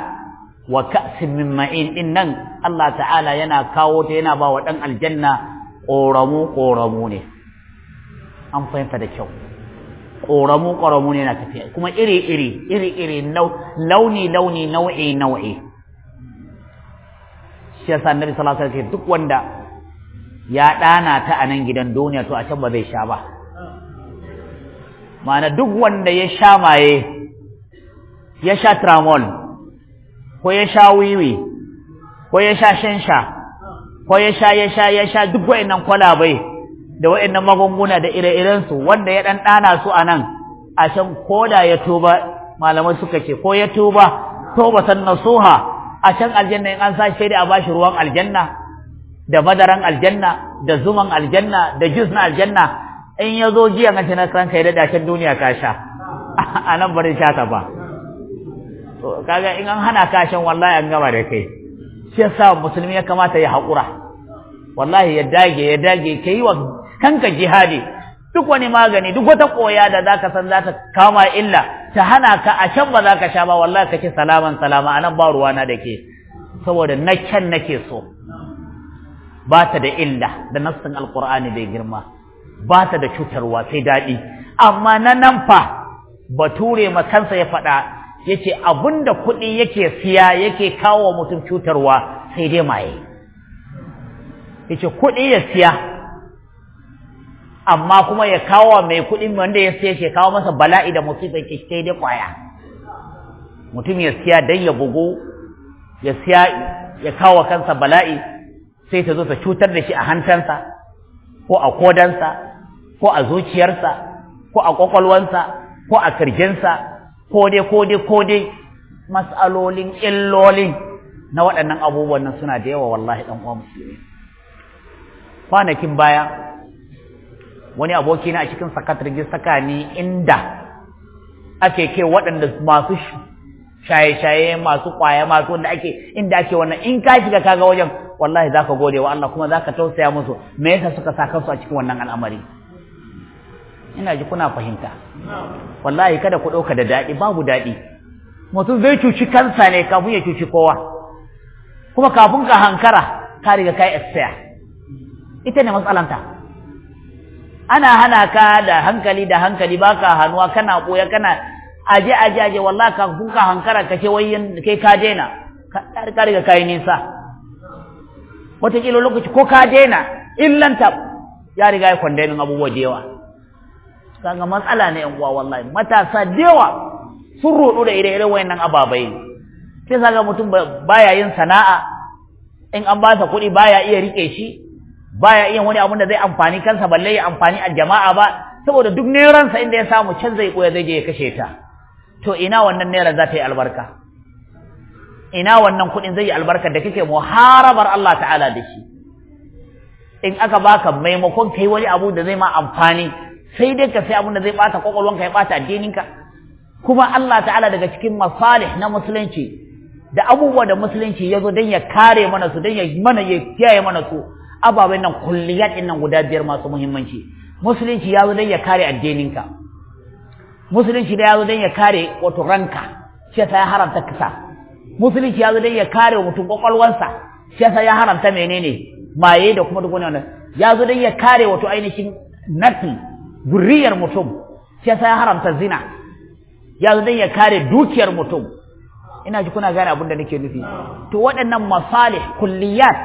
wa ka'sin min ma'in innan Allah ta'ala yana kawo ta yana ba wa dan aljanna ƙoramu ƙoramu ne an fahimta da kyau ƙoramu ƙoramu ne na tafiya kuma iri iri iri iri launi launi nau'i nau'i shi yasa annabi sallallahu alaihi wasallam duk wanda ya ɗana ta a nan gidan duniya to a can ba zai sha ba ma'ana duk wanda ya sha maye ya sha tramol ko ya sha wiwi ko ya sha shansha ko ya sha ya sha ya sha duk wa'annan kwalabai da wa'annan magunguna da ire-iren su wanda ya dan dana su anan a can koda ya tuba malamai suka ce ko ya tuba toba san nasuha a can aljanna in an sa shi da a bashi ruwan aljanna da madaran aljanna da zuman aljanna da jus na aljanna in ya zo jiya na na san kai da dashen duniya ka sha a nan bari sha ta ba kaga in an hana kashin wallahi an gama da kai shi yasa musulmi ya kamata ya haƙura wallahi ya dage ya dage ka yi wa kanka jihadi duk wani magani duk wata koya da za ka san za ta kama illa ta hana ka a can ba za ka sha ba wallahi ka ce salaman salama a nan ba ruwana da ke saboda na can nake so ba ta da illa da nassin alƙur'ani bai girma ba ta da cutarwa sai daɗi amma na nan fa bature ma kansa ya faɗa yace abinda kuɗi yake siya yake kawo mutum cutarwa sai dai maye yace kuɗi ya siya amma kuma ya kawo mai kuɗin wanda ya siya shi kawo masa bala'i da musibar ke sai dai kwaya mutum ya siya dan ya bugu ya siya ya kawo kansa bala'i sai ta zo ta cutar da shi a hantansa ko a kodansa ko a zuciyarsa ko a kwakwalwansa ko a kirjinsa ko dai ko dai ko dai mas'alolin illolin na waɗannan abubuwan nan suna da yawa wallahi ɗan uwa musulmi kwanakin baya wani aboki na a cikin sakatargin sakani inda ake ke waɗanda masu shaye-shaye masu kwaya masu wanda ake inda ake wannan in ka shiga kaga wajen wallahi za ka gode wa Allah kuma za ka tausaya musu me yasa suka sa kansu a cikin wannan al'amari ina ji kuna fahimta wallahi kada ku ɗauka da daɗi babu daɗi mutum zai cuci kansa ne kafin ya cuci kowa kuma kafin ka hankara ka riga kai expire ita ne matsalanta ana hana ka da hankali da hankali baka hannuwa kana koya kana aje aje aje wallahi kafin ka hankara ka ce wai kai ka daina ka riga kai nisa wataƙila lokaci ko ka daina illanta ya riga ya kwandamin abubuwa da yawa kaga matsala ne yan wallahi matasa dewa sun rodo da ire-iren wayannan ababai sai kaga mutum baya yin sana'a in an ba sa kuɗi baya iya rike shi baya iya wani abun da zai amfani kansa balle ya amfani a jama'a ba saboda duk neransa inda ya samu can zai koya zai je ya kashe ta to ina wannan naira za ta yi albarka ina wannan kuɗin zai yi albarka da kake muharabar Allah ta'ala da shi in aka baka maimakon kai wani abu da zai ma amfani sai dai ka sai abin da zai bata kwakwalwanka ya bata addininka kuma Allah ta'ala daga cikin masalih na musulunci da abubuwa da musulunci ya zo don ya kare mana su don ya mana ya kiyaye mana su ababen nan kulliyat din nan guda biyar masu muhimmanci musulunci ya zo don ya kare addininka musulunci da ya zo don ya kare wato ranka shi yasa ya haramta kisa musulunci ya zo don ya kare mutum kwakwalwansa shi yasa ya haramta menene maye da kuma duk wani wannan ya zo don ya kare wato ainihin nafi zuriyar mutum shi yasa ya haramta zina ya zo dan ya kare dukiyar mutum ina ji kuna gane abin da nake nufi to waɗannan masalih kulliyat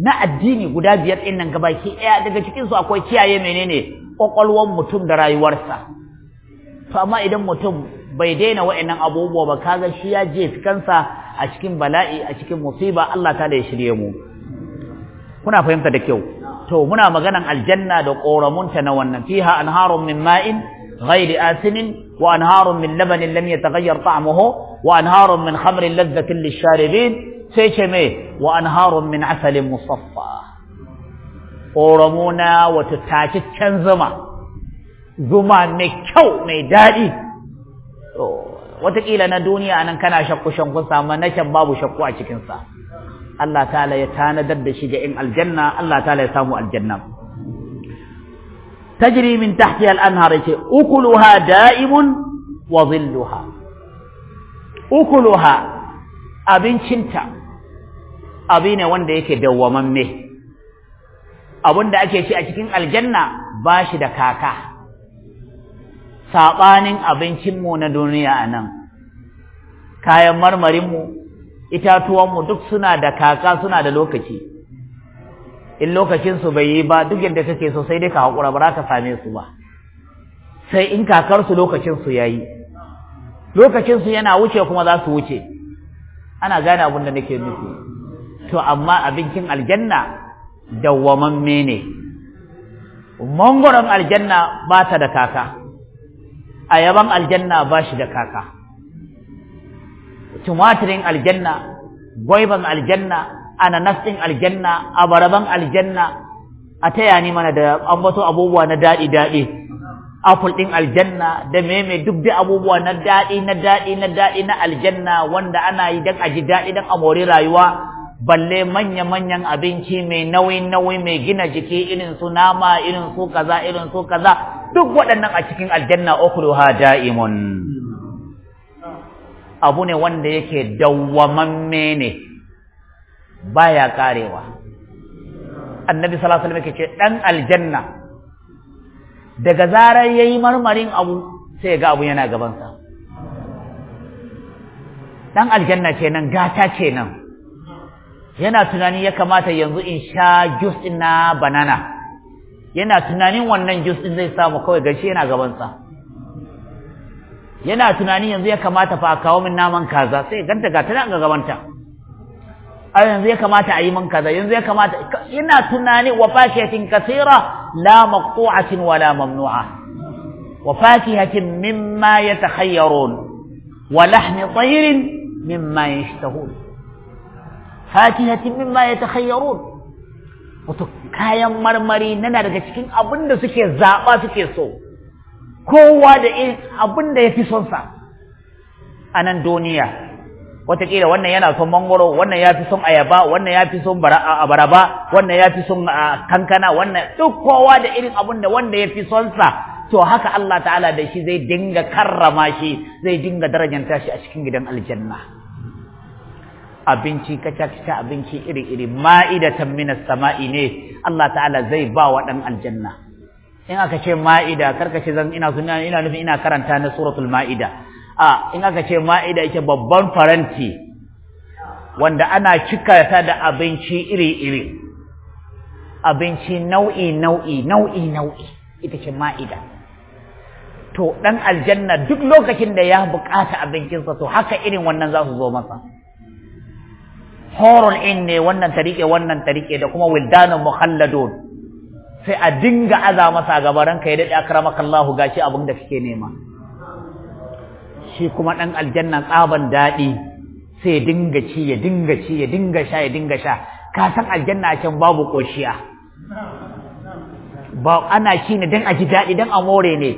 na addini guda biyar ɗin nan gabaki ɗaya daga cikin su akwai kiyaye menene ƙwaƙwalwar mutum da rayuwarsa to amma idan mutum bai daina waɗannan abubuwa ba kaga shi ya je kansa a cikin bala'i a cikin musiba Allah ta da ya shirye mu kuna fahimta da kyau to muna maganan aljanna da koramunta na wannan fiha anharun min ma'in ghairi asinin wa anharun min labanin lam yataghayyar ta'muhu wa anharun min khamrin ladzatin lisharibin sai ce me wa anharun min asalin musaffa koramuna wata takiccen zuma zuma mai kyau mai daɗi wataƙila na duniya nan kana shakku shankun sama na can babu shakku a cikinsa Allah ta'ala ya tanadar da shi ga in aljanna Allah ta'ala ya samu aljanna tajri min tahti al-anhar yace ukuluha da'imun wa dhilluha ukuluha abincinta abi ne wanda yake dawwamamme da ake ci a cikin aljanna ba shi da kaka saɓanin abincinmu na duniya a nan kayan marmarinmu itatuwanmu duk suna da kaka suna da lokaci in lokacinsu bai yi ba duk yadda kake so sai dai ka haƙura ba za ka same su ba sai in kakarsu lokacinsu ya yi lokacinsu yana wuce kuma za su wuce ana gane abin da nake nufi to amma abincin aljanna dawwamamme ne mangoron aljanna ba ta da kaka ayaban aljanna ba shi da kaka tumatirin aljanna gwaiban aljanna ananas ɗin aljanna abaraban aljanna a taya ni mana da ambato abubuwa na daɗi daɗi apple ɗin aljanna da meme duk da abubuwa na daɗi na daɗi na daɗi na aljanna wanda ana yi don a ji daɗi don a mori rayuwa balle manya-manyan abinci mai nauyi-nauyi mai gina jiki irin su nama irin su kaza irin su kaza duk waɗannan a cikin aljanna ha da'imun abu ne wanda yake dawwamamme ne baya karewa annabi sallallahu alaihi wasallam yake ce dan aljanna daga zarar yayi marmarin abu sai ga abu yana gabansa dan aljanna kenan gata kenan yana tunani ya kamata yanzu in sha juice na banana yana tunanin wannan juice din zai samu kawai gashi yana gabansa yana tunani yanzu ya kamata fa kawo min naman kaza sai ganta ga tana ga gabanta a yanzu ya kamata a yi min kaza yanzu ya kamata ina tunani wa fakihatin kasira la maqtu'atin wala mamnu'a wa fakihatin mimma yatakhayyarun wa lahmi tayrin mimma yashtahun fakihatin mimma yatakhayyarun wato kayan marmari nana daga cikin abinda suke zaba suke so kowa da irin abin da ya fi son sa a nan duniya wataƙila wannan yana son mangoro wannan ya fi son ayaba wannan ya fi son abaraba wannan ya fi son kankana wannan duk kowa da irin abin da wanda ya fi son sa to haka Allah ta'ala da shi zai dinga karrama shi zai dinga darajanta shi a cikin gidan aljanna abinci kaca kaca abinci iri iri ma'idatan minas sama'i ne Allah ta'ala zai ba wa dan aljanna in aka ce ma'ida karka ce zan ina sunna ina nufin ina karanta na suratul ma'ida a in aka ce ma'ida yake babban faranti wanda ana cika ta da abinci iri-iri abinci nau'i nau'i nau'i nau'i ita ce ma'ida to dan aljanna duk lokacin da ya bukata abincinsa to haka irin wannan za su zo masa horon in ne wannan tarike wannan tarike da kuma wildanun mukhalladun sai a dinga aza masa gaba ranka ya daɗe akramakallahu gashi abin da kake nema shi kuma ɗan aljanna tsaban daɗi sai ya dinga ci ya dinga ci ya dinga sha ya dinga sha ka san aljanna a can babu ƙoshiya ba ana ci ne don a ji daɗi don a more ne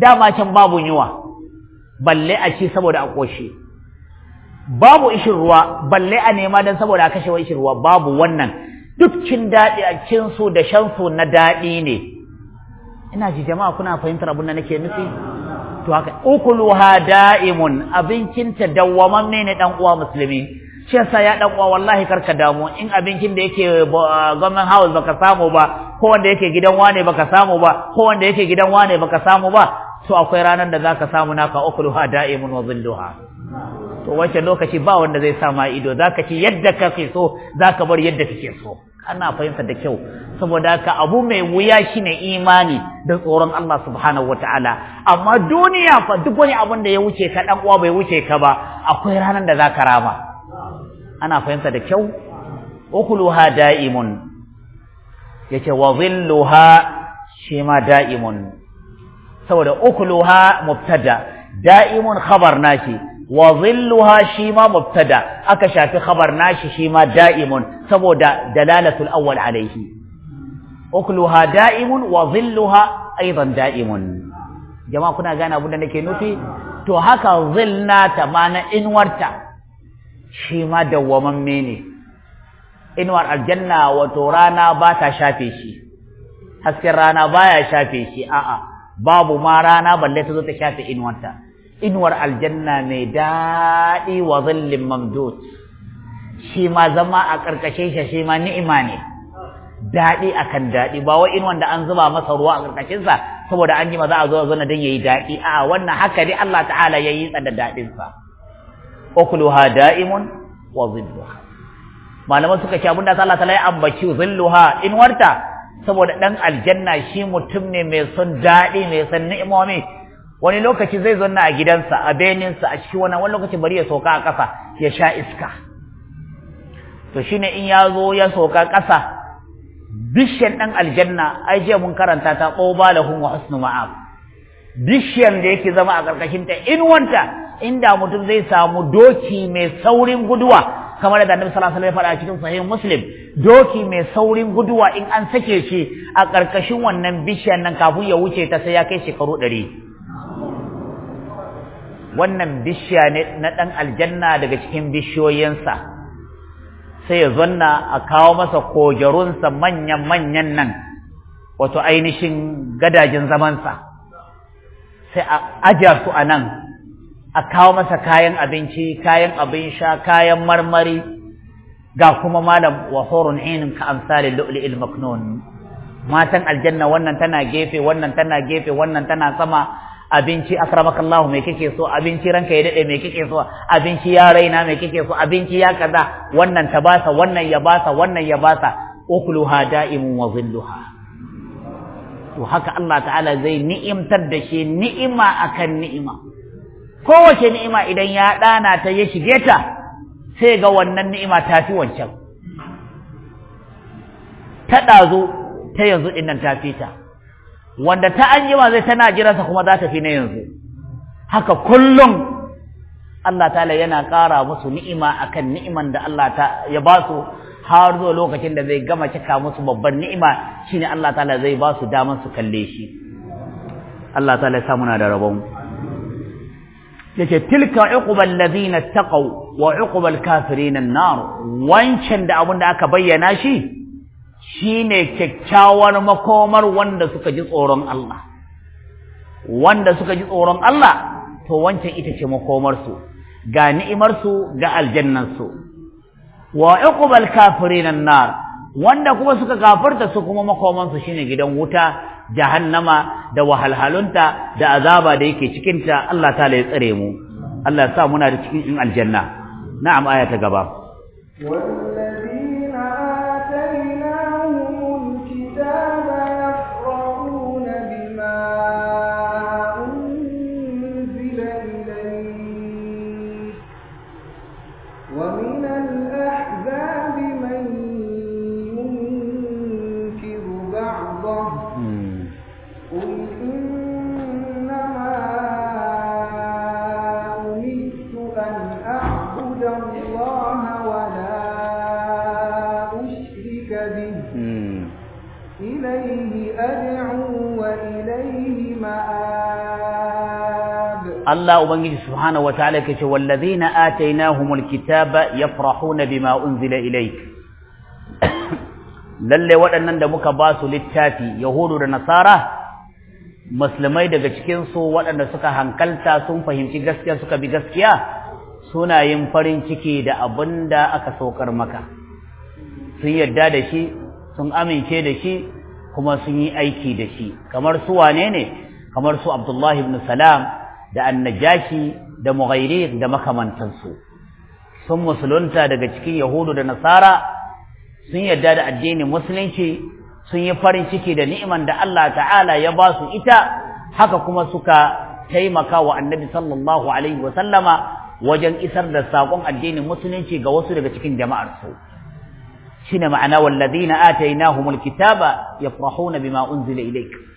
dama can babu yiwa balle a ci saboda a ƙoshi babu ishin ruwa balle a nema don saboda a kashe wa ishin ruwa babu wannan duk cin daɗi a cin su da shan su na daɗi ne ina ji jama'a kuna fahimtar abin da nake nufi to haka ukuluha da'imun abincin ta dawwaman ne dan uwa musulmi shi yasa ya dan uwa wallahi karka damu in abincin da yake government house baka samu ba ko wanda yake gidan wane baka samu ba ko wanda yake gidan wane baka samu ba to akwai ranar da zaka samu naka ukuluha da'imun wa dhilluha to wace lokaci ba wanda zai sa ma ido zaka ci yadda ka ke so zaka bar yadda kake so ana fahimta da kyau saboda haka abu mai wuya shine imani da tsoron Allah subhanahu wataala amma duniya fa duk wani abin da ya wuce ka dan uwa bai wuce ka ba akwai ranar da zaka raba. ana fahimta da kyau ukuluha da'imun yace wa dhilluha shi ma da'imun saboda ukuluha mubtada da'imun khabar nashi wa zilluha shi ma mubtada aka shafi khabar nashi shi ma da'imun saboda dalalatul awwal alaihi ukluha da'imun wa zilluha aidan da'imun jama'a kuna gane abin da nake nufi to haka zilna ta mana inwarta shi ma dawwamamme ne inwar aljanna wato rana ba ta shafe shi hasken rana baya shafe shi a'a babu ma rana balle ta zo ta shafe inwarta inuwar aljanna mai daɗi wa zallin shi ma zama a ƙarƙashin shi shi ma ni'ima ne daɗi akan daɗi ba wai inuwan da an zuba masa ruwa a ƙarƙashinsa saboda an jima za a zo a zana don ya yi daɗi a wannan haka dai Allah ta'ala ya yi tsada daɗinsa ukuluha da'imun wa zilluha malaman suka ce abinda Allah ta'ala ya ambaci zilluha inuwarta saboda ɗan aljanna shi mutum ne mai son daɗi mai son ni'imomi wani lokaci zai na a gidansa a beninsa a cikin wani wani lokaci bari ya soka a ƙasa ya sha iska to shine in ya zo ya soka ƙasa bishiyan ɗan aljanna ai jiya mun karanta ta ƙoba lahum wa husnu ma'ab bishiyan da yake zama a ƙarƙashin ta in wanta inda mutum zai samu doki mai saurin guduwa kamar da annabi sallallahu alaihi wasallam ya faɗa cikin sahih muslim doki mai saurin guduwa in an sake shi a ƙarƙashin wannan bishiyan nan kafin ya wuce ta sai ya kai shekaru ɗari wannan bishiya ne na ɗan aljanna daga cikin bishiyoyinsa sai ya zonna a kawo masa kojarunsa manyan-manyan nan wato ainihin gadajin zamansa sai a ajiya su a nan a kawo masa kayan abinci kayan abin sha kayan marmari ga kuma malam wa horon inin ka amsali lu'li'il maknun matan aljanna wannan tana gefe wannan tana gefe wannan tana sama abinci Allah me kake so abinci ranka ya dade me kake so abinci ya raina me kake so abinci ya kaza wannan ta basa wannan ya basa wannan ya basa ukluha da'imun wa zilluha to haka Allah ta'ala zai ni'imtar da shi ni'ima akan ni'ima kowace ni'ima idan ya dana ta ya shige ta sai ga wannan ni'ima ta fi wancan ta ɗazu ta yanzu ɗin ta fita wanda ta an yi ba zai tana jiransa kuma za ta fi na yanzu haka kullum Allah ta'ala yana ƙara musu ni'ima akan ni'iman da Allah ta ya ba su har zuwa lokacin da zai gama cika musu babban ni'ima ne Allah ta'ala zai ba su daman su kalle shi Allah ta'ala ya muna da rabon ce tilka uqbal ladina taqaw wa uqbal kafirin an-nar wancan da abun da aka bayyana shi Shi ne kyakkyawar makomar wanda suka ji tsoron Allah wanda suka ji tsoron Allah to wancan ita ce makomarsu ga ni'imarsu ga aljannansu wa iqbal kafirinan annar wanda kuma suka gafarta su kuma makomansu shine gidan wuta jahannama da wahalhalunta da azaba da yake cikinta Allah ta ya tsare mu Allah ya sa muna da cikin aljanna na'am aya ta gaba Allah ubangiji subhanahu wataala yake ce wallazina atainahumul kitaba yafrahuna bima unzila ilayk lalle waɗannan da muka ba su littafi yahudu da nasara musulmai daga cikin su waɗanda suka hankalta sun fahimci gaskiya suka bi gaskiya suna yin farin ciki da da aka saukar maka sun yarda da shi sun amince da shi kuma sun yi aiki da shi kamar su wane ne kamar su Abdullahi ibn Salam da annajashi da mughairi da makamantansu sun musulunta daga cikin yahudu da nasara sun yarda da addinin musulunci sun yi farin ciki da ni'iman da Allah ta'ala ya ba su ita haka kuma suka taimaka wa annabi sallallahu alaihi wa sallama wajen isar da saƙon addinin musulunci ga wasu daga cikin jama'arsu shine ma'ana wallazina atainahumul kitaba yafrahuna bima unzila ilayka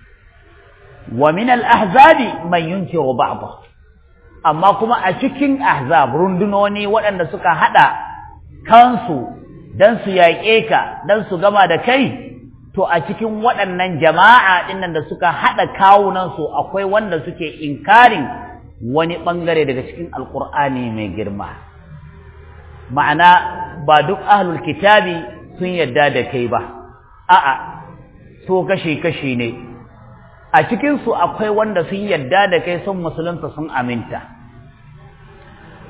wa min ahzabi man yunkiru ba'dahu amma kuma a cikin ahzab rundunoni waɗanda suka hada kansu dan su yaƙe ka dan su gama da kai to a cikin waɗannan jama'a ɗinnan da suka hada kawunan su akwai wanda suke inkarin wani bangare daga cikin alqur'ani mai girma ma'ana ba duk ahlul kitabi sun yadda da kai ba a'a to kashi kashi ne a cikinsu akwai wanda sun yadda da kai sun musulunta sun aminta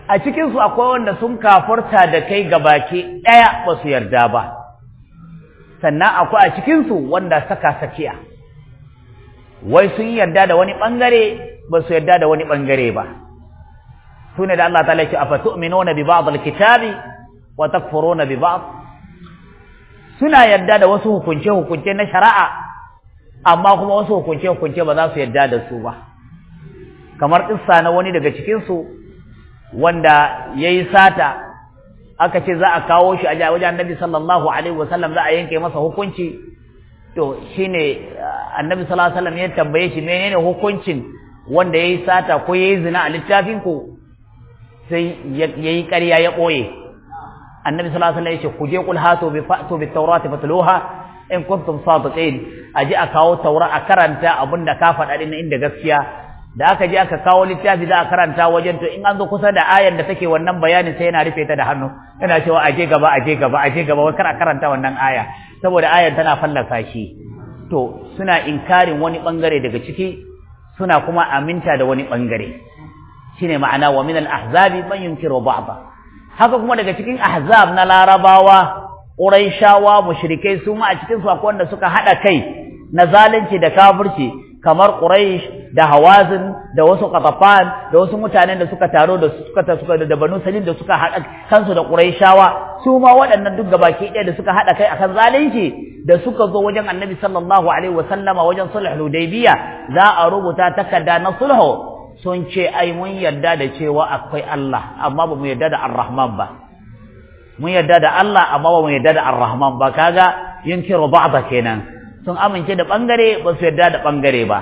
a cikinsu akwai wanda sun kafarta da kai gabaki ɗaya ba su yarda ba sannan akwai a cikinsu wanda saka sakiya wai sun yarda da wani ɓangare ba su yarda da wani ɓangare ba su ne da Allah ta laifi a fatu'minuna bi ba'd al-kitabi wa takfuruna bi ba'd suna yarda da wasu hukunce hukunce na shari'a amma kuma wasu hukunce hukunce ba za su yarda da su ba kamar kissa na wani daga cikin su wanda yayi sata aka ce za a kawo shi a wajen annabi sallallahu alaihi wasallam za a yanke masa hukunci to shine uh, annabi sallallahu alaihi wasallam ya tambaye shi menene hukuncin wanda yayi sata ko yayi zina a littafin ku sai yayi ƙarya ya boye annabi sallallahu alaihi wasallam ya ce ku je kul hatu bi fa'tu bi tawrati fatluha in kuntum sadiqin aji a kawo taura a karanta abinda ka faɗa din inda gaskiya da aka je aka kawo littafi za a karanta wajen to in an zo kusa da ayar da take wannan bayanin sai yana rufe ta da hannu yana cewa aje gaba aje gaba aje gaba wai kar a karanta wannan aya saboda ayar tana fallaka shi to suna inkarin wani bangare daga ciki suna kuma aminta da wani bangare shine ma'ana wa min al-ahzabi man yunkiru ba'dha haka kuma daga cikin ahzab na larabawa Qurayshawa mushrikai su ma a cikin su akwai wanda suka hada kai na zalunci da kafirci kamar Quraysh da Hawazin da wasu Qatafan da wasu mutanen da suka taro da suka ta suka da Banu Salim da suka hada kansu da Qurayshawa su ma waɗannan duk gabaki ɗaya da suka hada kai akan zalunci da suka zo wajen Annabi sallallahu alaihi wasallama wajen sulhul Hudaybiyah za a rubuta takarda na sulhu sun ce ai mun yarda da cewa akwai Allah amma ba mu yarda da Ar-Rahman ba mun yarda da Allah amma ba mun yarda da Ar-Rahman ba kaga yunkiru ba kenan sun amince da bangare ba su yarda da bangare ba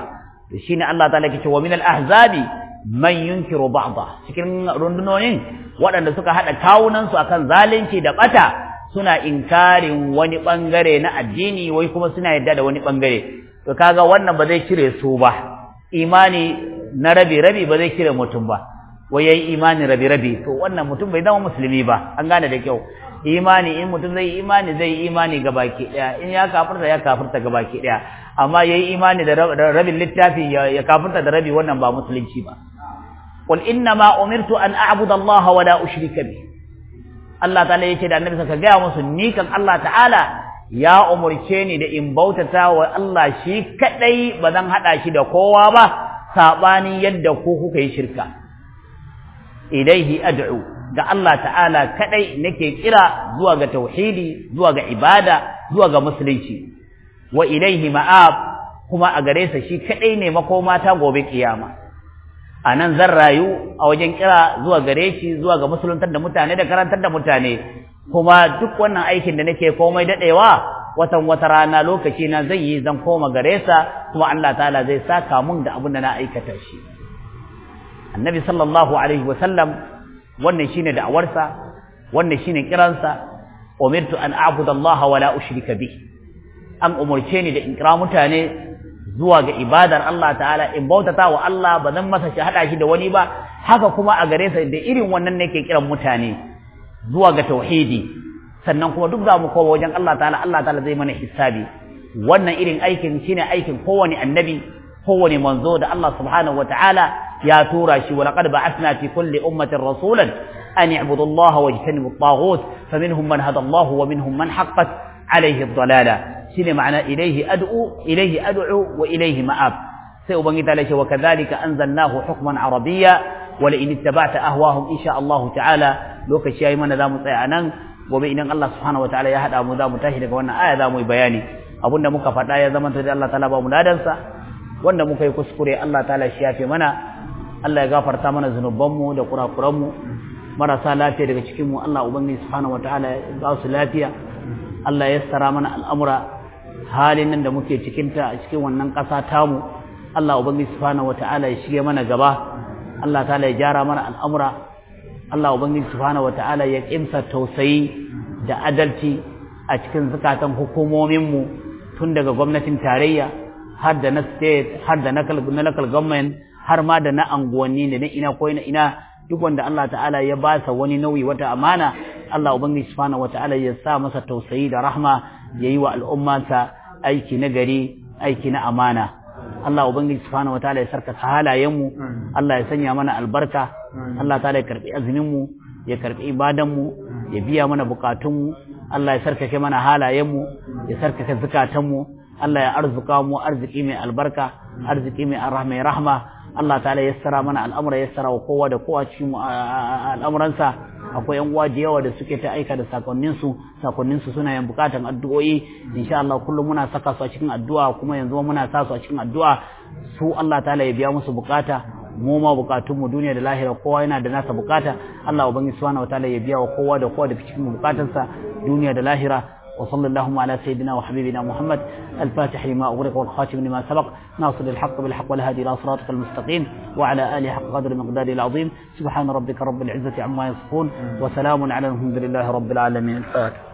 to shine Allah ta'ala yake cewa min al-ahzabi man yunkiru ba'dha cikin rundunonin waɗanda suka hada kawunan su akan zalunci da bata suna inkarin wani bangare na addini wai kuma suna yarda da wani bangare to kaga wannan ba zai cire su ba imani na rabi rabi ba zai cire mutum ba wai yayi imani rabi rabi to wannan mutum bai zama musulmi ba an gane da kyau imani in mutum zai imani zai imani baki daya in ya kafirta ya kafirta baki daya amma yayi imani da rabin littafi ya kafirta da rabi wannan ba musulunci ba qul inna ma umirtu an a'budu allaha wa la ushrika bi Allah ta'ala yake da annabi saka ga musu ni kan Allah ta'ala ya umurce ni da in bautata wa Allah shi kadai bazan hada shi da kowa ba sabani yadda ku kuka yi shirka ilaihi ad'u ga Allah ta'ala kadai nake kira zuwa ga tauhidi zuwa ga ibada zuwa ga musulunci wa ilaihi ma'ab kuma a gare sa shi kadai ne makoma ta gobe kiyama anan zan rayu a wajen kira zuwa gare shi zuwa ga musuluntar da mutane da karantar da mutane kuma duk wannan aikin da nake komai dadewa watan wata rana lokaci na zan yi zan koma gare sa kuma Allah ta'ala zai saka mun da abin da na aikata shi annabi sallallahu alaihi wasallam wannan shine da'awarsa wannan shine kiransa umirtu an a'budu Allah wa la ushrika bih an umurce ni da in kira mutane zuwa ga ibadar Allah ta'ala in bautata wa Allah ba zan masa shi hada shi da wani ba haka kuma a gare sa da irin wannan nake kiran mutane zuwa ga tauhidi sannan kuma duk za mu kowa wajen Allah ta'ala Allah ta'ala zai mana hisabi wannan irin aikin shine aikin kowane annabi هو منزود الله سبحانه وتعالى يا تورا شي ولقد بعثنا في كل أمة رسولا أن يعبدوا الله واجتنبوا الطاغوت فمنهم من هدى الله ومنهم من حقت عليه الضلالة شنو معنى إليه أدعو إليه أدعو وإليه مآب وكذلك أنزلناه حكما عربيا ولئن اتبعت أهواهم إن شاء الله تعالى لوك الشيء من ذا مطيعنا وبإن الله سبحانه وتعالى يهد أمو ذا وأن آية مبياني أبونا مكفتا يا زمن الله تعالى بأمو wanda muka yi kuskure Allah ta'ala shi yafe mana Allah ya gafarta mana zunubanmu da kurakuranmu marasa lafiya daga cikin Allah ubangiji subhanahu wataala ya ba su lafiya Allah ya sara mana al'amura halin nan da muke cikinta a cikin wannan ƙasa tamu Allah ubangiji subhanahu wataala ya shige mana gaba Allah ta'ala ya gyara mana al'amura Allah ubangiji subhanahu wataala ya kimsa tausayi da adalci a cikin zakatan hukumomin mu tun daga gwamnatin tarayya har da na state har da na local government har ma da na anguwanni da na ina ko ina ina duk wanda Allah ta'ala ya ba sa wani nauyi wata amana Allah ubangiji subhanahu wata'ala ya sa masa tausayi da rahma yayi wa sa aiki na gari aiki na amana Allah ubangiji subhanahu wataala ya sarka halayen mu Allah ya sanya mana albarka Allah ta'ala ya karbi azumin mu ya karbi ibadan mu ya biya mana bukatun mu Allah ya sarkake mana halayen mu ya sarkake zakatan mu Allah ya arzuka mu arziki mai albarka arziki mai rahma rahma Allah ta'ala ya sara mana al'amura ya sara wa kowa da kowa cikin al'amuransa akwai yan waje da yawa da suke ta aika da sakonnin su sakonnin su suna yin bukatan addu'o'i insha Allah kullum muna saka su a cikin addu'a kuma yanzu muna sa su a cikin addu'a su Allah ta'ala ya biya musu bukata mu ma bukatun mu duniya da lahira kowa yana da nasa bukata Allah ubangi subhanahu ta'ala ya biya wa kowa da kowa da cikin bukatunsa duniya da lahira وصل اللهم على سيدنا وحبيبنا محمد الفاتح لما أغلق والخاتم لما سبق ناصر الحق بالحق والهادي إلى صراطك المستقيم وعلى آله حق قدر المقدار العظيم سبحان ربك رب العزة عما يصفون وسلام على الحمد لله رب العالمين الفاتح